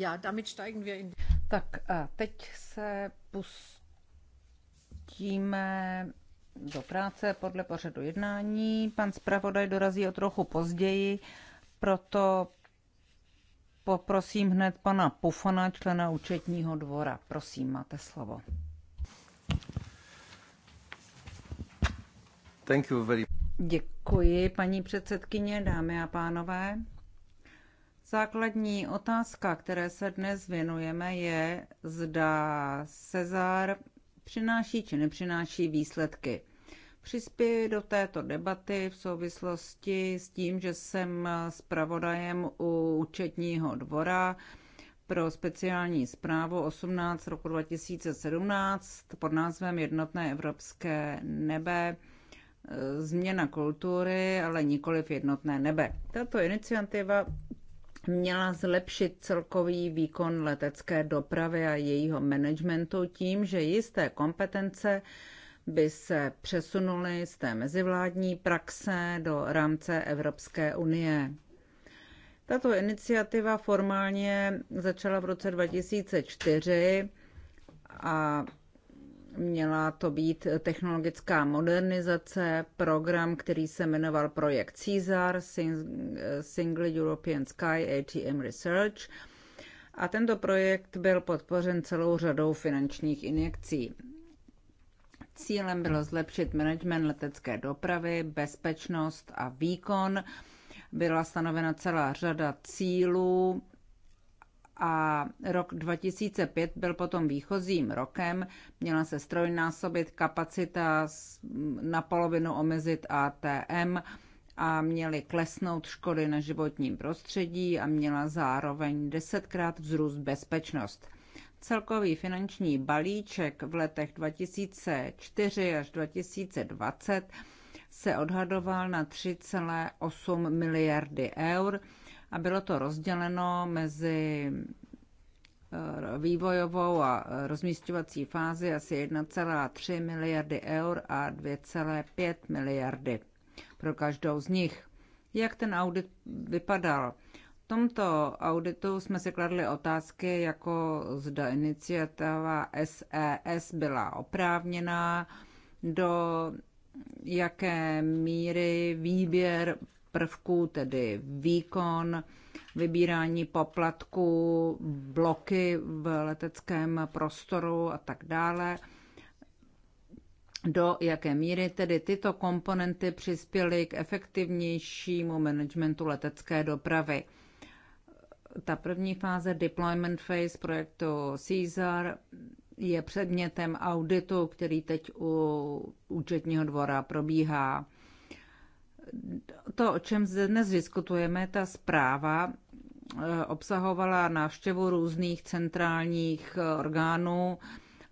Ja, damit steigen wir in... Tak a teď se pustíme do práce podle pořadu jednání. Pan zpravodaj dorazí o trochu později, proto poprosím hned pana Pufana, člena účetního dvora. Prosím, máte slovo. Thank you very... Děkuji, paní předsedkyně, dámy a pánové. Základní otázka, které se dnes věnujeme, je, zda Cezar přináší či nepřináší výsledky. Přispěji do této debaty v souvislosti s tím, že jsem zpravodajem u účetního dvora pro speciální zprávu 18 roku 2017 pod názvem Jednotné evropské nebe změna kultury, ale v jednotné nebe. Tato iniciativa měla zlepšit celkový výkon letecké dopravy a jejího managementu tím, že jisté kompetence by se přesunuly z té mezivládní praxe do rámce Evropské unie. Tato iniciativa formálně začala v roce 2004 a Měla to být technologická modernizace, program, který se jmenoval projekt CESAR, Single European Sky ATM Research. A tento projekt byl podpořen celou řadou finančních injekcí. Cílem bylo zlepšit management letecké dopravy, bezpečnost a výkon. Byla stanovena celá řada cílů, a rok 2005 byl potom výchozím rokem. Měla se strojnásobit kapacita, na polovinu omezit ATM a měly klesnout škody na životním prostředí a měla zároveň desetkrát vzrůst bezpečnost. Celkový finanční balíček v letech 2004 až 2020 se odhadoval na 3,8 miliardy eur – a bylo to rozděleno mezi eh, vývojovou a rozmístěvací fázi asi 1,3 miliardy eur a 2,5 miliardy pro každou z nich. Jak ten audit vypadal? V tomto auditu jsme si kladli otázky, jako zda iniciativa SES e byla oprávněná, do jaké míry výběr prvků, tedy výkon, vybírání poplatků, bloky v leteckém prostoru a tak dále. Do jaké míry tedy tyto komponenty přispěly k efektivnějšímu managementu letecké dopravy? Ta první fáze, deployment phase projektu CSAR, je předmětem auditu, který teď u účetního dvora probíhá. To, o čem zde dnes diskutujeme, ta zpráva eh, obsahovala návštěvu různých centrálních eh, orgánů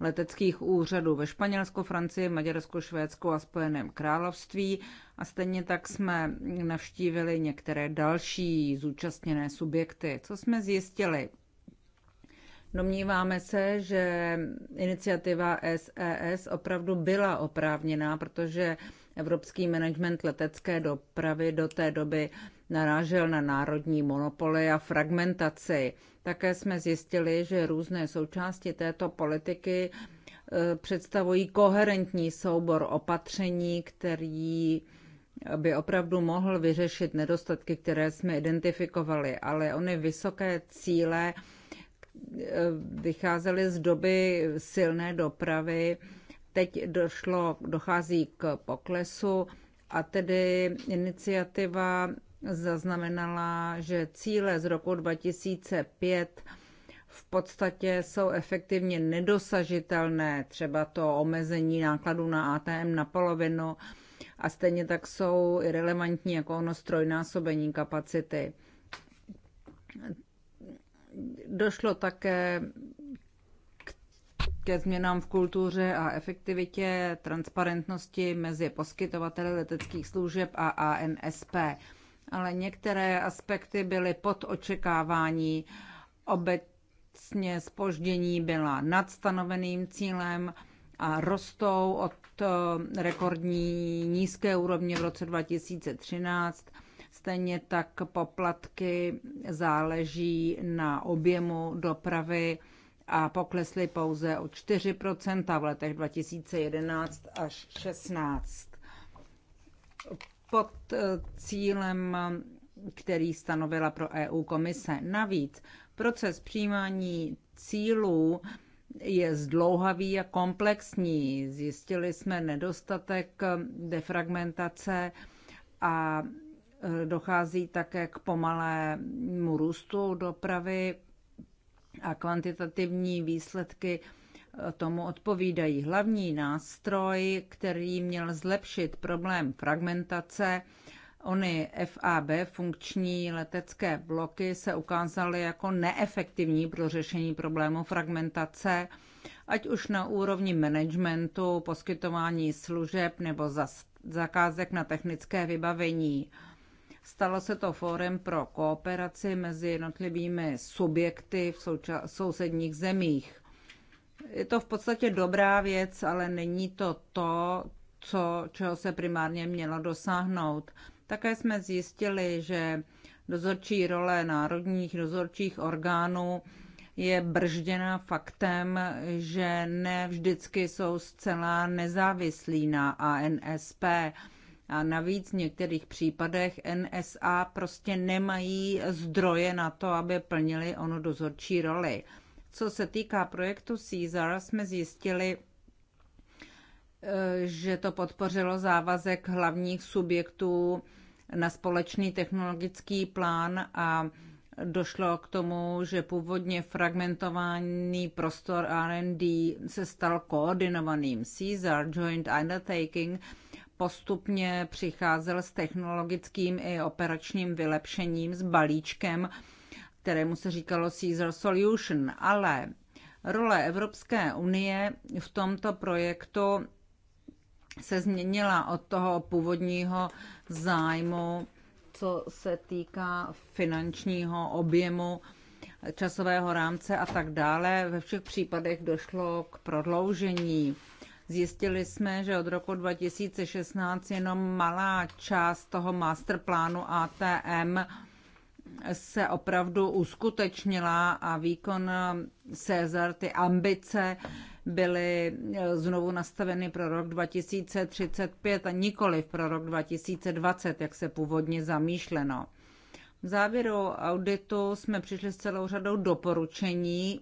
leteckých úřadů ve Španělsku, Francii, Maďarsku, Švédsku a Spojeném království. A stejně tak jsme navštívili některé další zúčastněné subjekty. Co jsme zjistili? Domníváme se, že iniciativa SES e opravdu byla oprávněná, protože Evropský management letecké dopravy do té doby narážel na národní monopoly a fragmentaci. Také jsme zjistili, že různé součásti této politiky eh, představují koherentní soubor opatření, který eh, by opravdu mohl vyřešit nedostatky, které jsme identifikovali, ale ony vysoké cíle eh, vycházely z doby silné dopravy, Teď došlo, dochází k poklesu a tedy iniciativa zaznamenala, že cíle z roku 2005 v podstatě jsou efektivně nedosažitelné, třeba to omezení nákladů na ATM na polovinu a stejně tak jsou irrelevantní jako ono strojnásobení kapacity. Došlo také ke změnám v kultuře a efektivitě transparentnosti mezi poskytovateli leteckých služeb a ANSP. Ale některé aspekty byly pod očekávání. Obecně spoždění byla nad stanoveným cílem a rostou od eh, rekordní nízké úrovně v roce 2013. Stejně tak poplatky záleží na objemu dopravy a poklesly pouze o 4 v letech 2011 až 16. Pod cílem, který stanovila pro EU komise. Navíc proces přijímání cílů je zdlouhavý a komplexní. Zjistili jsme nedostatek defragmentace a dochází také k pomalému růstu dopravy a kvantitativní výsledky eh, tomu odpovídají. Hlavní nástroj, který měl zlepšit problém fragmentace, Ony FAB, funkční letecké bloky, se ukázaly jako neefektivní pro řešení problému fragmentace, ať už na úrovni managementu, poskytování služeb nebo zakázek na technické vybavení. Stalo se to fórem pro kooperaci mezi jednotlivými subjekty v souča- sousedních zemích. Je to v podstatě dobrá věc, ale není to to, co, čeho se primárně mělo dosáhnout. Také jsme zjistili, že dozorčí role národních dozorčích orgánů je bržděna faktem, že ne vždycky jsou zcela nezávislí na ANSP. A navíc v některých případech NSA prostě nemají zdroje na to, aby plnili ono dozorčí roli. Co se týká projektu Caesar, jsme zjistili, eh, že to podpořilo závazek hlavních subjektů na společný technologický plán a došlo k tomu, že původně fragmentovaný prostor R&D se stal koordinovaným. Caesar Joint Undertaking postupně přicházel s technologickým i operačním vylepšením, s balíčkem, kterému se říkalo Caesar Solution, ale role Evropské unie v tomto projektu se změnila od toho původního zájmu, co se týká finančního objemu, časového rámce a tak dále. Ve všech případech došlo k prodloužení. Zjistili jsme, že od roku 2016 jenom malá část toho masterplánu ATM se opravdu uskutečnila a výkon Cezar, ty ambice byly znovu nastaveny pro rok 2035 a nikoli pro rok 2020, jak se původně zamýšleno. V závěru auditu jsme přišli s celou řadou doporučení,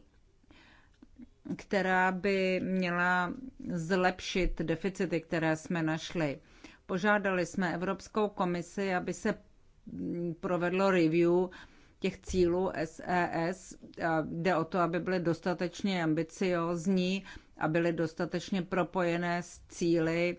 která by měla zlepšit deficity, které jsme našli. Požádali jsme Evropskou komisi, aby se provedlo review těch cílů SES. E jde o to, aby byly dostatečně ambiciozní a byly dostatečně propojené s cíly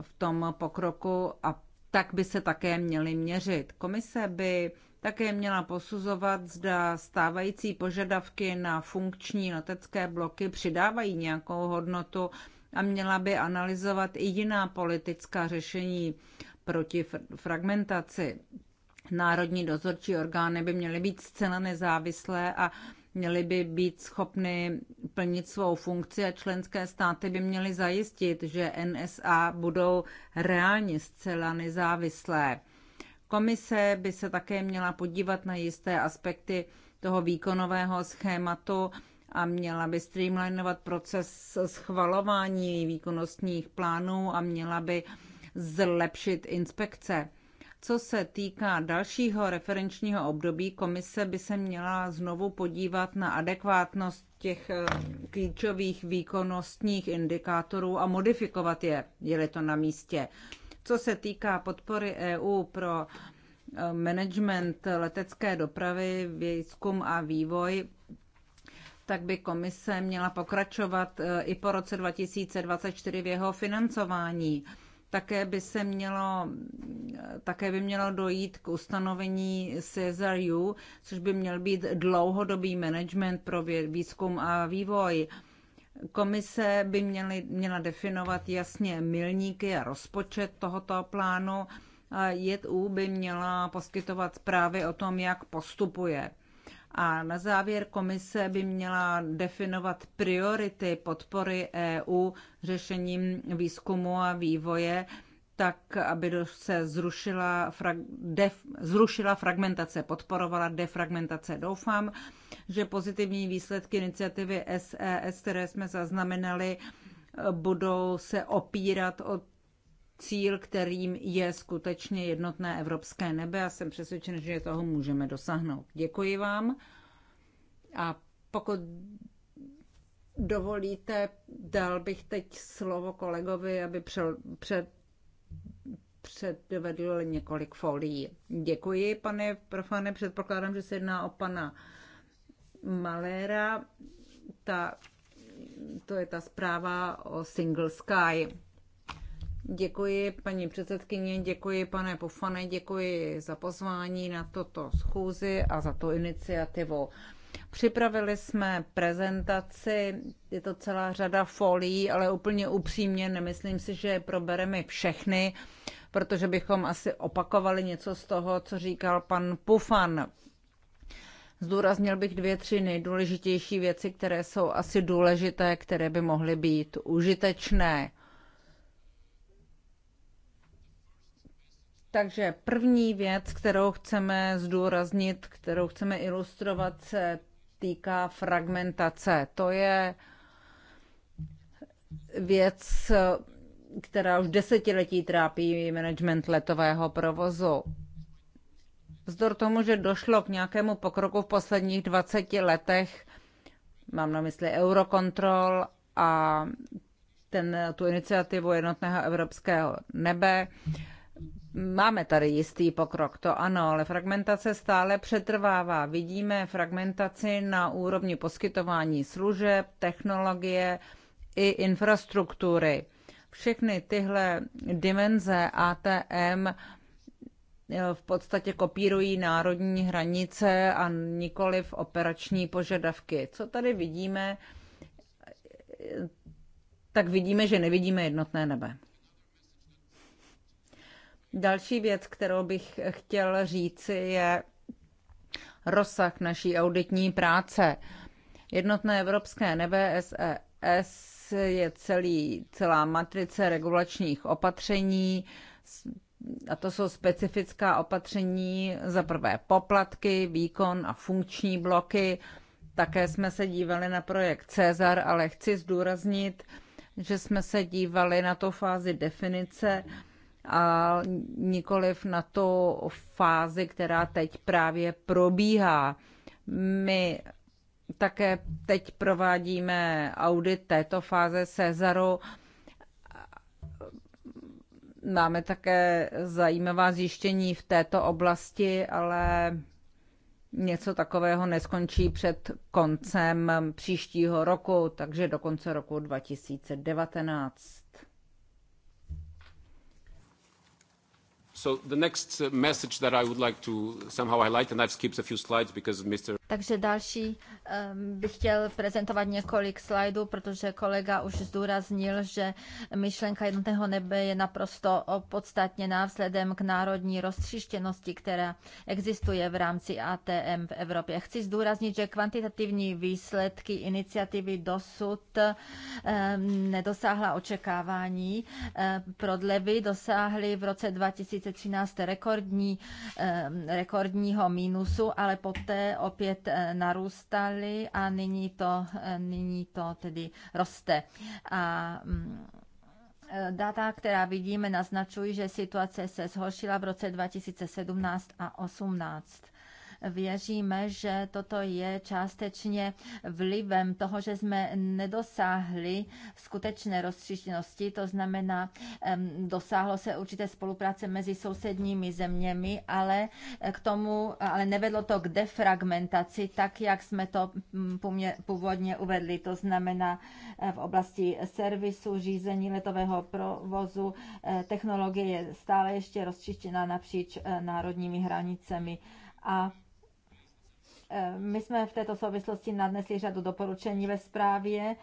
v tom pokroku a tak by se také měly měřit. Komise by také měla posuzovat, zda stávající požadavky na funkční letecké bloky přidávají nějakou hodnotu a měla by analyzovat i jiná politická řešení proti fragmentaci. Národní dozorčí orgány by měly být zcela nezávislé a měly by být schopny plnit svou funkci a členské státy by měly zajistit, že NSA budou reálně zcela nezávislé. Komise by se také měla podívat na jisté aspekty toho výkonového schématu a měla by streamlinovat proces schvalování výkonnostních plánů a měla by zlepšit inspekce. Co se týká dalšího referenčního období, komise by se měla znovu podívat na adekvátnost těch eh, klíčových výkonnostních indikátorů a modifikovat je, je-li to na místě. Co se týká podpory EU pro e, management letecké dopravy, výzkum a vývoj, tak by komise měla pokračovat e, i po roce 2024 v jeho financování. Také by se mělo, e, také by mělo dojít k ustanovení CSRU, což by měl být dlouhodobý management pro výzkum a vývoj. Komise by měly, měla definovat jasně milníky a rozpočet tohoto plánu. JETU by měla poskytovat zprávy o tom, jak postupuje. A na závěr komise by měla definovat priority podpory EU řešením výzkumu a vývoje tak, aby se zrušila, frag, def, zrušila fragmentace, podporovala defragmentace. Doufám, že pozitivní výsledky iniciativy SES, e které jsme zaznamenali, budou se opírat o cíl, kterým je skutečně jednotné evropské nebe a jsem přesvědčen, že toho můžeme dosáhnout. Děkuji vám a pokud dovolíte, dal bych teď slovo kolegovi, aby před, předvedl několik folií. Děkuji, pane profane, předpokládám, že se jedná o pana Maléra. Ta, to je ta zpráva o Single Sky. Děkuji, paní předsedkyně, děkuji, pane Pofane, děkuji za pozvání na toto schůzi a za tu iniciativu. Připravili jsme prezentaci, je to celá řada folií, ale úplně upřímně nemyslím si, že probereme všechny protože bychom asi opakovali něco z toho, co říkal pan Pufan. Zdůraznil bych dvě, tři nejdůležitější věci, které jsou asi důležité, které by mohly být užitečné. Takže první věc, kterou chceme zdůraznit, kterou chceme ilustrovat, se týká fragmentace. To je věc, která už desetiletí trápí management letového provozu. Vzdor tomu, že došlo k nějakému pokroku v posledních 20 letech, mám na mysli Eurocontrol a ten, tu iniciativu jednotného evropského nebe, Máme tady jistý pokrok, to ano, ale fragmentace stále přetrvává. Vidíme fragmentaci na úrovni poskytování služeb, technologie i infrastruktury. Všechny tyhle dimenze ATM eh, v podstatě kopírují národní hranice a nikoli v operační požadavky. Co tady vidíme, tak vidíme, že nevidíme jednotné nebe. Další věc, kterou bych chtěl říci, je rozsah naší auditní práce. Jednotné evropské nebe SES e je celý, celá matrice regulačních opatření, a to jsou specifická opatření za prvé poplatky, výkon a funkční bloky. Také jsme se dívali na projekt Cezar, ale chci zdůraznit, že jsme se dívali na tu fázi definice a nikoliv na tu fázi, která teď právě probíhá. My také teď provádíme audit této fáze Cezaru. Máme také zajímavá zjištění v této oblasti, ale něco takového neskončí před koncem příštího roku, takže do konce roku 2019. So the next message that I would like to somehow highlight, and I've skipped a few slides because Mr. Takže další bych chtěl prezentovat několik slajdů, protože kolega už zdůraznil, že myšlenka jednotného nebe je naprosto opodstatněná vzhledem k národní roztříštěnosti, která existuje v rámci ATM v Evropě. Chci zdůraznit, že kvantitativní výsledky iniciativy dosud nedosáhla očekávání. Prodlevy dosáhly v roce 2013 rekordní, rekordního mínusu, ale poté opět opět eh, narůstaly a nyní to, eh, nyní to tedy roste. A mm, eh, Data, která vidíme, naznačují, že situace se zhoršila v roce 2017 a 2018. Věříme, že toto je částečně vlivem toho, že jsme nedosáhli skutečné rozstříštěnosti, to znamená, dosáhlo se určité spolupráce mezi sousedními zeměmi, ale k tomu, ale nevedlo to k defragmentaci, tak jak jsme to mm, původně uvedli, to znamená eh, v oblasti servisu, řízení letového provozu, eh, technologie je stále ještě rozčištěna napříč eh, národními hranicemi a my jsme v této souvislosti nadnesli řadu doporučení ve zprávě.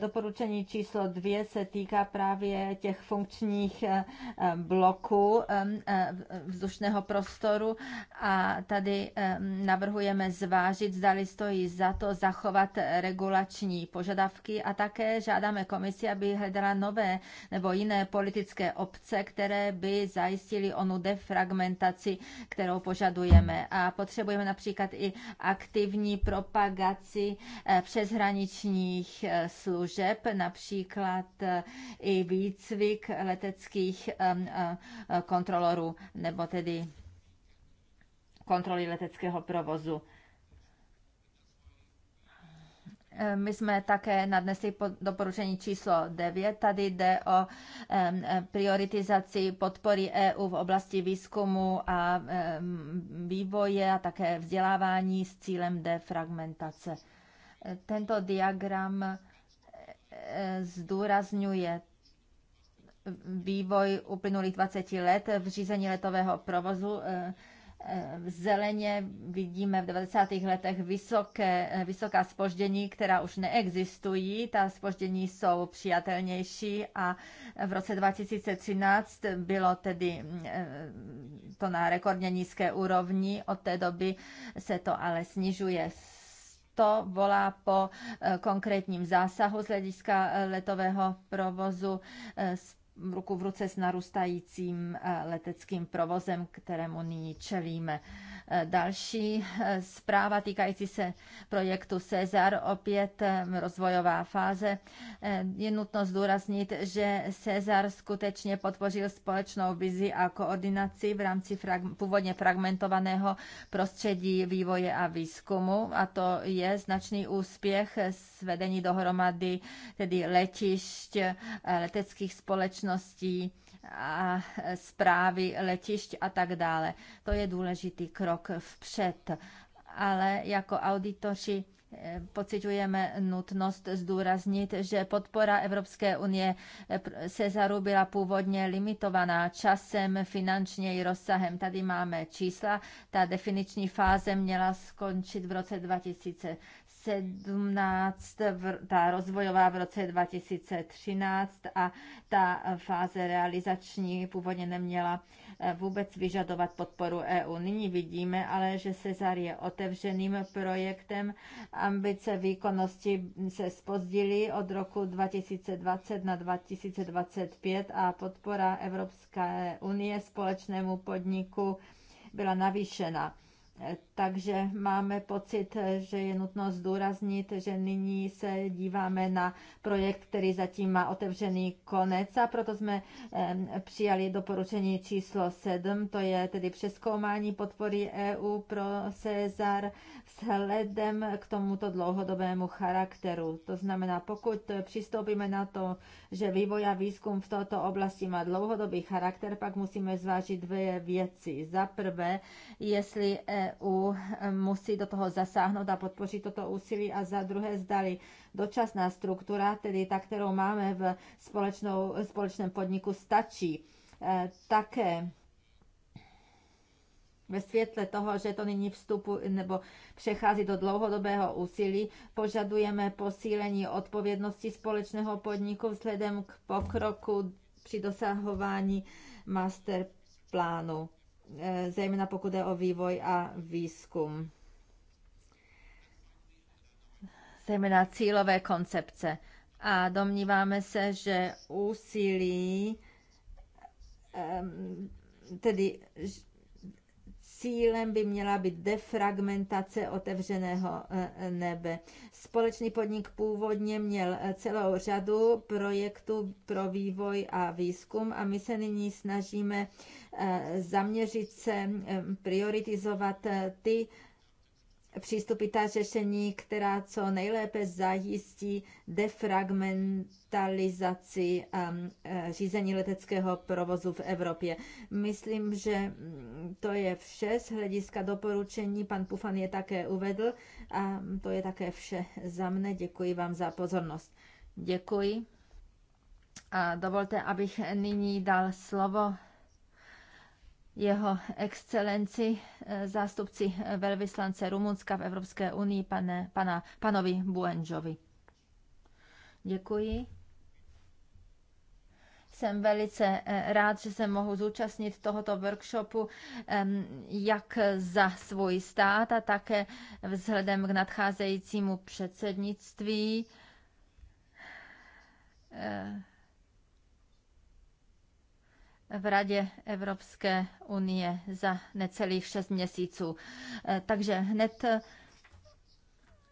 Doporučení číslo dvě se týká právě těch funkčních eh, bloků eh, eh, vzdušného prostoru a tady navrhujeme zvážit, zdali stojí za to zachovat regulační požadavky a také žádáme komisi, aby hledala nové nebo jiné politické obce, které by zajistily onu defragmentaci, kterou požadujeme. A potřebujeme například i aktivní propagaci eh, přeshraničních eh, služeb, například eh, i výcvik leteckých kontrolorů nebo tedy kontroly leteckého provozu. Eh, my jsme také nadnesli doporučení číslo 9. Tady jde o eh, prioritizaci podpory EU v oblasti výzkumu a vývoje a také vzdělávání s cílem defragmentace. Eh, tento diagram zdůrazňuje vývoj uplynulých 20 let v řízení letového provozu v zeleně vidíme v 90. letech vysoké, vysoká spoždění, která už neexistují. Ta spoždění jsou přijatelnější a v roce 2013 bylo tedy eh, to na rekordně nízké úrovni. Od té doby se to ale snižuje to volá po eh, konkrétním zásahu z hlediska eh, letového provozu ruku v ruce s narůstajícím eh, leteckým provozem, kterému nyní čelíme. Eh, další eh, zpráva týkající se projektu Cezar, opět eh, rozvojová fáze. Je nutno zdůraznit, že Cezar skutečně podpořil společnou vizi a koordinaci v rámci frag- původně fragmentovaného prostředí vývoje a výzkumu a to je značný úspěch svedení dohromady tedy letišť, leteckých společností, a e, zprávy letišť a tak dále. To je důležitý krok vpřed. Ale jako auditoři e, pocitujeme nutnost zdůraznit, že podpora Evropské unie e, se zarubila původně limitovaná časem, finančně i rozsahem. Tady máme čísla. Ta definiční fáze měla skončit v roce 2000. 2017, ta rozvojová v roce 2013 a ta fáze realizační původně neměla eh, vůbec vyžadovat podporu EU. Nyní vidíme ale, že Cezar je otevřeným projektem. Ambice výkonnosti se spozdily od roku 2020 na 2025 a podpora Evropské unie společnému podniku byla navýšena takže máme pocit, že je nutno zdůraznit, že nyní se díváme na projekt, který zatím má otevřený konec a proto jsme přijali doporučení číslo 7, to je tedy přeskoumání podpory EU pro Cezar vzhledem k tomuto dlouhodobému charakteru. To znamená, pokud přistoupíme na to, že vývoj a výzkum v této oblasti má dlouhodobý charakter, pak musíme zvážit dvě věci. Za prvé, jestli EU EU e, musí do toho zasáhnout a podpořit toto úsilí a za druhé zdali dočasná struktura, tedy ta, kterou máme v společnou, společném podniku, stačí. E, také ve světle toho, že to nyní vstupu nebo přechází do dlouhodobého úsilí, požadujeme posílení odpovědnosti společného podniku vzhledem k pokroku při dosahování master plánu. Eh, zejména pokud je o vývoj a výzkum. Zejména cílové koncepce. A domníváme se, že úsilí, tedy cílem by měla být defragmentace otevřeného eh, eh, nebe. Společný podnik původně měl eh, celou řadu projektů pro vývoj a výzkum a my se nyní snažíme zaměřit se, prioritizovat ty přístupy ta řešení, která co nejlépe zajistí defragmentalizaci um, eh, řízení leteckého provozu v Evropě. Myslím, že mm, to je vše z hlediska doporučení. Pan Pufan je také uvedl a to je také vše za mne. Děkuji vám za pozornost. Děkuji. A dovolte, abych nyní dal slovo jeho excelenci zástupci velvyslance Rumunska v Evropské unii, pane, pana, panovi Buenžovi. Děkuji. Jsem velice eh, rád, že se mohu zúčastnit tohoto workshopu jak za svůj stát a také vzhledem k nadcházejícímu předsednictví eh, v Radě Evropské unie za necelých šest měsíců. Eh, takže hned eh,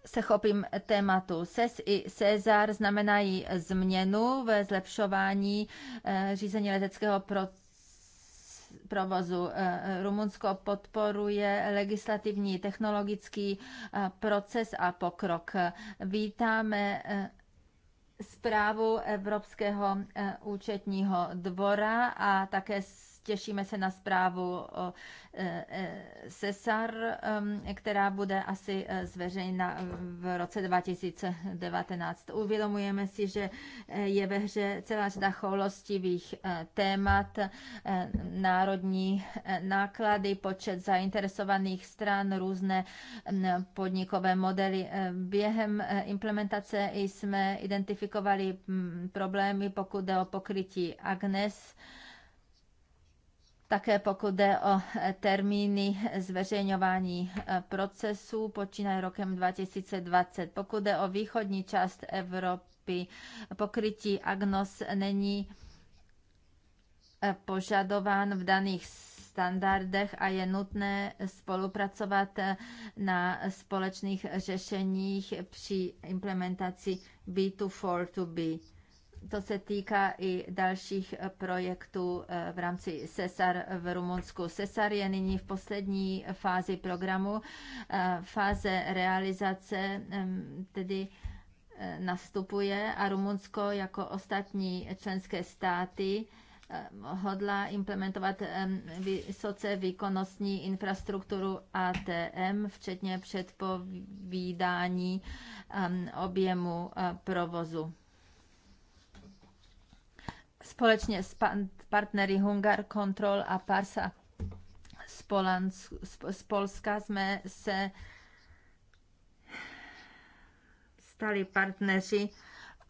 se chopím tématu. SES i Cezar znamenají změnu ve zlepšování eh, řízení leteckého procesu provozu. Rumunsko podporuje legislativní technologický proces a pokrok. Vítáme zprávu Evropského eh, účetního dvora a také těšíme se na zprávu o SESAR, e, e, která bude asi e, zveřejna v roce 2019. Uvědomujeme si, že je ve hře celá řada choulostivých témat, národní náklady, počet zainteresovaných stran, různé podnikové modely. Během implementace jsme identifikovali problémy, pokud jde o pokrytí Agnes, také pokud jde o eh, termíny zveřejňování eh, procesu, počínají rokem 2020. Pokud jde o východní část Evropy, pokrytí agnos není eh, požadován v daných standardech a je nutné spolupracovat na společných řešeních při implementaci B2 for to B. To se týká i dalších eh, projektů eh, v rámci SESAR v Rumunsku. SESAR je nyní v poslední fázi programu. Eh, fáze realizace tedy nastupuje a Rumunsko jako ostatní členské státy hodla implementovat vysoce výkonnostní infrastrukturu ATM, včetně předpovídání objemu provozu společně s partnery Hungar Control a Parsa z, Polans, z Polska jsme se stali partneři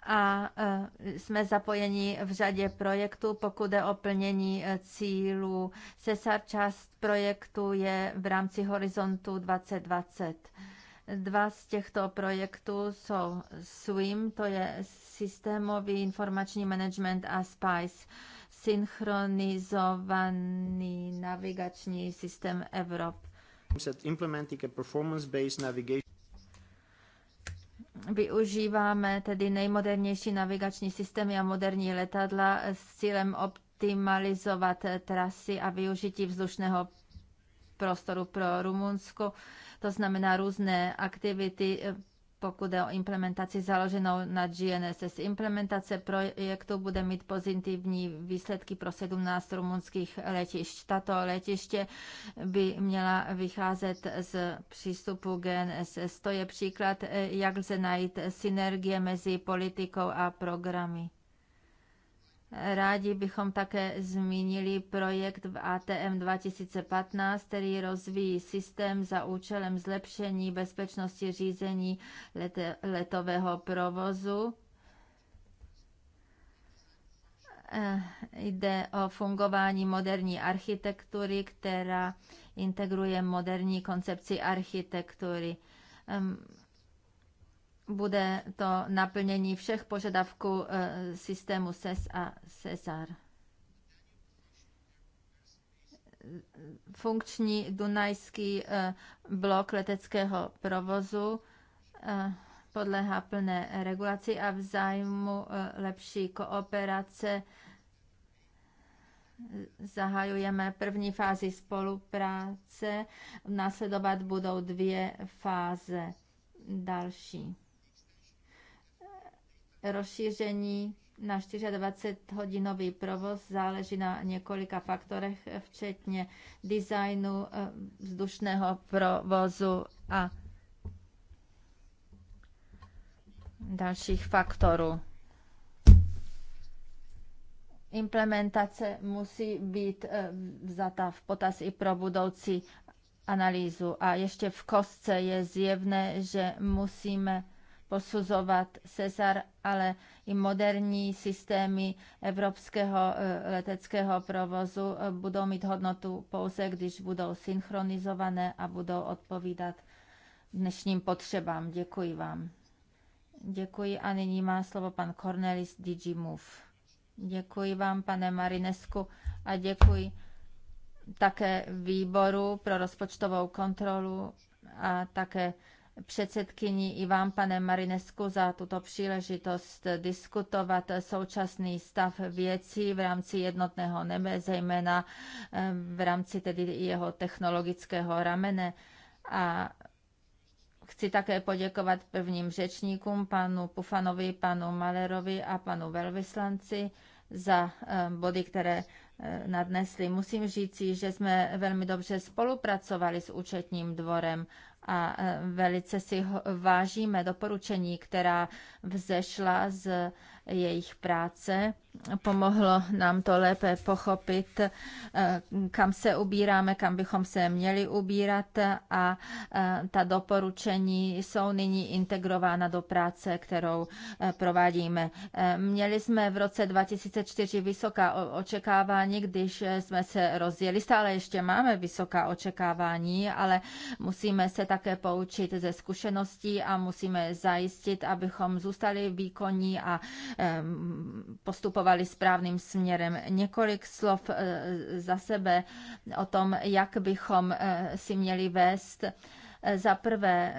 a e, jsme zapojeni v řadě projektů, pokud je o plnění e, cílů. Cesar část projektu je v rámci Horizontu 2020 Dva z těchto projektů jsou SWIM, to je systémový informační management a SPICE, synchronizovaný navigační systém Evrop. Využíváme tedy nejmodernější navigační systémy a moderní letadla s cílem optimalizovat trasy a využití vzdušného prostoru pro Rumunsko, to znamená různé aktivity eh, pokud je o implementaci založenou na GNSS. Implementace projektu bude mít pozitivní výsledky pro 17 rumunských letišť. Tato letiště by měla vycházet z přístupu GNSS. To je příklad, eh, jak lze najít synergie mezi politikou a programy. Rádi bychom také zmínili projekt v ATM 2015, který rozvíjí systém za účelem zlepšení bezpečnosti řízení let- letového provozu. Eh, jde o fungování moderní architektury, která integruje moderní koncepci architektury bude to naplnění všech požadavků eh, systému SES a CESAR. Funkční dunajský eh, blok leteckého provozu eh, podléhá plné regulaci a v zájmu lepší kooperace zahajujeme první fázi spolupráce. Následovat budou dvě fáze další rozšíření na 24-hodinový provoz záleží na několika faktorech, včetně designu eh, vzdušného provozu a dalších faktorů. Implementace musí být eh, vzata v potaz i pro budoucí analýzu. A ještě v kostce je zjevné, že musíme posuzovat Cezar, ale i moderní systémy evropského e, leteckého provozu e, budou mít hodnotu pouze, když budou synchronizované a budou odpovídat dnešním potřebám. Děkuji vám. Děkuji a nyní má slovo pan Cornelis Digimove. Děkuji vám, pane Marinesku, a děkuji také výboru pro rozpočtovou kontrolu a také předsedkyni i vám, pane Marinesku, za tuto příležitost diskutovat současný stav věcí v rámci jednotného nebe, zejména eh, v rámci tedy jeho technologického ramene. A Chci také poděkovat prvním řečníkům, panu Pufanovi, panu Malerovi a panu velvyslanci za eh, body, které eh, nadnesli. Musím říci, že jsme velmi dobře spolupracovali s účetním dvorem a e, velice si vážíme doporučení, která vzešla z jejich práce. Pomohlo nám to lépe pochopit, eh, kam se ubíráme, kam bychom se měli ubírat a eh, ta doporučení jsou nyní integrována do práce, kterou eh, provádíme. Měli jsme v roce 2004 vysoká očekávání, když jsme se rozjeli. Stále ještě máme vysoká očekávání, ale musíme se také poučit ze zkušeností a musíme zajistit, abychom zůstali výkonní a postupovali správným směrem. Několik slov eh, za sebe o tom, jak bychom eh, si měli vést. Eh, za prvé,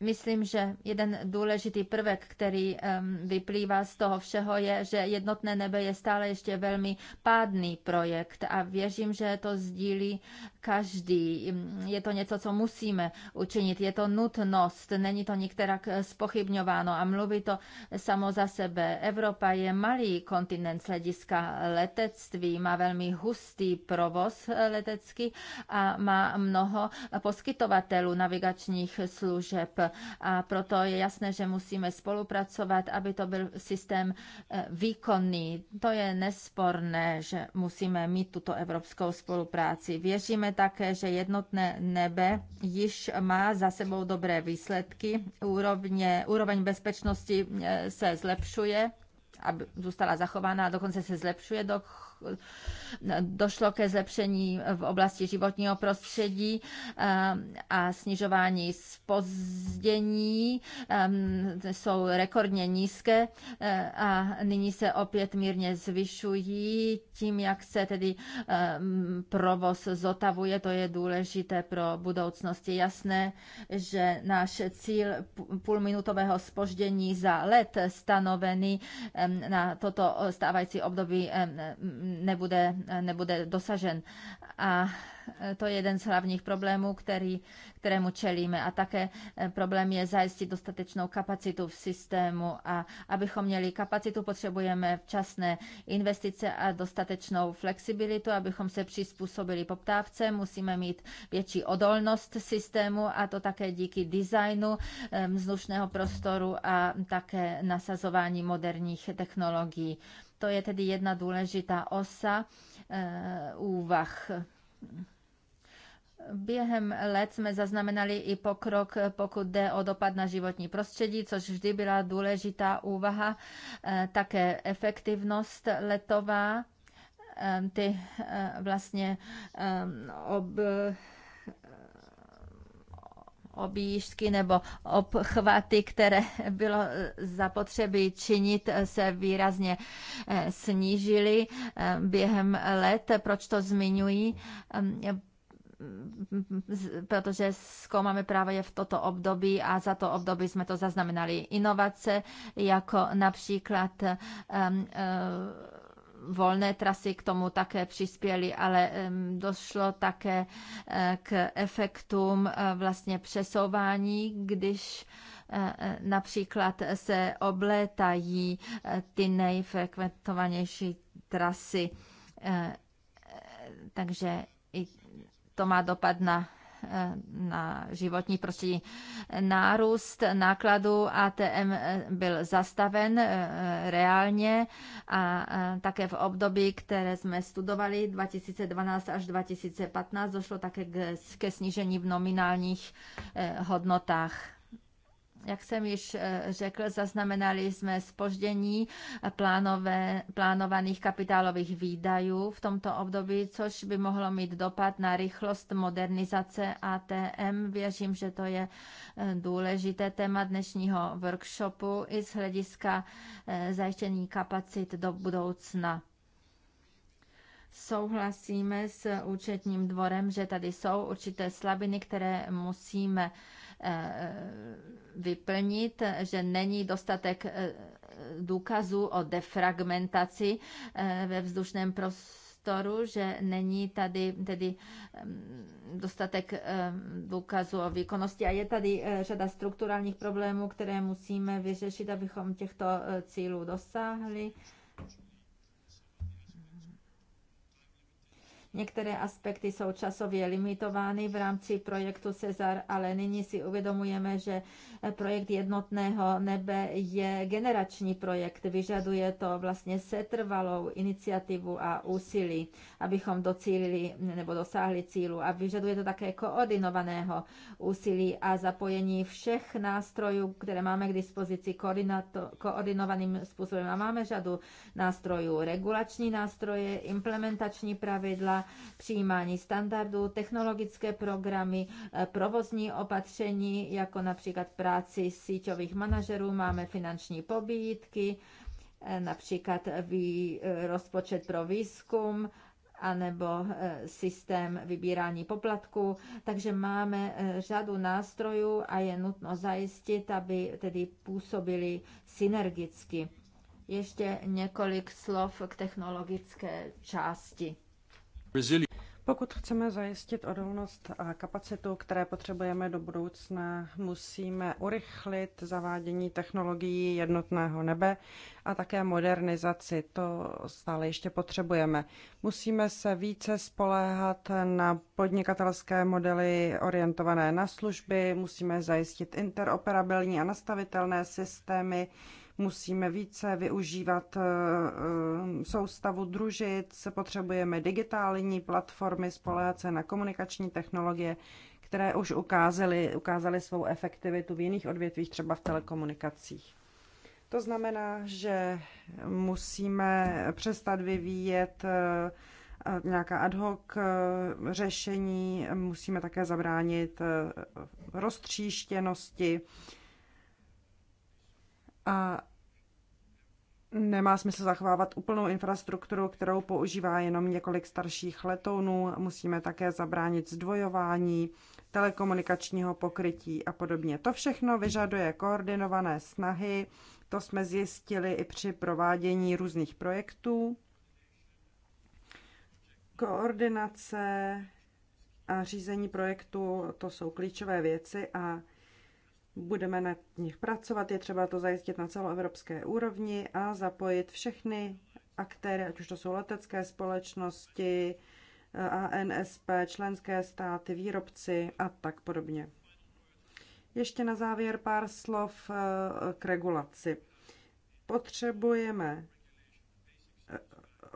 Myslím, že jeden důležitý prvek, který vyplývá z toho všeho, je, že jednotné nebe je stále ještě velmi pádný projekt a věřím, že to sdílí každý. Mm, je to něco, co musíme učinit, je to nutnost, není to nikterak eh, spochybňováno a mluví to samo za sebe. Evropa je malý kontinent z hlediska letectví, má velmi hustý provoz eh, letecký a má mnoho poskytovatelů navigačních služeb a proto je jasné, že musíme spolupracovat, aby to byl systém eh, výkonný. To je nesporné, že musíme mít tuto evropskou spolupráci. Věříme také, že jednotné nebe již má za sebou dobré výsledky. Úrovně, úroveň bezpečnosti eh, se zlepšuje, aby zůstala zachována a dokonce se zlepšuje, došlo ke zlepšení v oblasti životního prostředí ehm, a snižování spozdění ehm, jsou rekordně nízké eh, a nyní se opět mírně zvyšují tím, jak se tedy ehm, provoz zotavuje. To je důležité pro budoucnost. Je jasné, že náš cíl půlminutového spoždění za let stanovený na toto stávající období nebude, nebude dosažen. A to je jeden z hlavních problémů, který, kterému čelíme. A také eh, problém je zajistit dostatečnou kapacitu v systému. A abychom měli kapacitu, potřebujeme včasné investice a dostatečnou flexibilitu, abychom se přizpůsobili poptávce. Musíme mít větší odolnost systému a to také díky designu eh, vzdušného prostoru a také nasazování moderních technologií. To je tedy jedna důležitá osa eh, úvah. Během let jsme zaznamenali i pokrok, pokud jde o dopad na životní prostředí, což vždy byla důležitá úvaha, eh, také efektivnost letová, eh, ty vlastně ob objížďky nebo obchvaty, které bylo zapotřebí činit, se výrazně eh, snížily eh, během let. Proč to zmiňují? Eh, protože zkoumáme právě v toto období a za to období jsme to zaznamenali. Inovace, jako například um, uh, volné trasy k tomu také přispěly, ale došlo také e, k efektům e, vlastně přesouvání, když e, například se oblétají ty nejfrekventovanější trasy. Takže i to má dopad na Eh, na životní prostředí. Nárůst nákladu ATM eh, byl zastaven eh, reálně a také v období, které jsme studovali 2012 až 2015, došlo také ke snížení v nominálních hodnotách. Jak jsem již eh, řekl, zaznamenali jsme spoždění eh, plánové, plánovaných kapitálových výdajů v tomto období, což by mohlo mít dopad na rychlost modernizace ATM. Věřím, že to je eh, důležité téma dnešního workshopu i z hlediska zajištění kapacit do budoucna souhlasíme s účetním dvorem, že tady jsou určité slabiny, které musíme Eh, eh, vyplnit, že není dostatek eh, důkazů o defragmentaci ve vzdušném prostoru, že není tady tedy mm, dostatek důkazů o výkonnosti a je tady řada strukturálních problémů, které musíme vyřešit, abychom těchto cílů dosáhli. Některé aspekty jsou časově limitovány v rámci projektu Cezar, ale nyní si uvědomujeme, že projekt jednotného nebe je generační projekt. Vyžaduje to vlastně setrvalou iniciativu a úsilí, abychom docílili nebo dosáhli cílu. A vyžaduje to také koordinovaného úsilí a zapojení všech nástrojů, které máme k dispozici koordinovaným způsobem. A máme řadu nástrojů, regulační nástroje, implementační pravidla, přijímání standardů, technologické programy, eh, provozní opatření, jako například práci síťových manažerů, máme finanční pobídky, eh, například eh, rozpočet pro výzkum, anebo systém vybírání poplatků. Takže máme řadu nástrojů a je nutno zajistit, aby tedy působili synergicky. Ještě několik slov k technologické části. Pokud chceme zajistit odolnost a kapacitu, které potřebujeme do budoucna, musíme urychlit zavádění technologií jednotného nebe a také modernizaci. To stále ještě potřebujeme. Musíme se více spoléhat na podnikatelské modely orientované na služby, musíme zajistit interoperabilní a nastavitelné systémy musíme více využívat eh, eh, soustavu družic, potřebujeme digitální platformy, spoléhat na komunikační technologie, které už ukázaly, ukázaly svou efektivitu v jiných odvětvích, třeba v telekomunikacích. To znamená, že musíme přestat vyvíjet eh, nějaká ad hoc řešení, musíme také zabránit roztříštěnosti a nemá smysl zachovávat úplnou infrastrukturu, kterou používá jenom několik starších letounů. Musíme také zabránit zdvojování telekomunikačního pokrytí a podobně. To všechno vyžaduje koordinované snahy. To jsme zjistili i při provádění různých projektů. Koordinace a řízení projektu, to jsou klíčové věci a Budeme na nich pracovat, je třeba to zajistit na celoevropské úrovni a zapojit všechny aktéry, ať už to jsou letecké společnosti, eh, ANSP, členské státy, výrobci a tak podobně. Ještě na závěr pár slov eh, k regulaci. Potřebujeme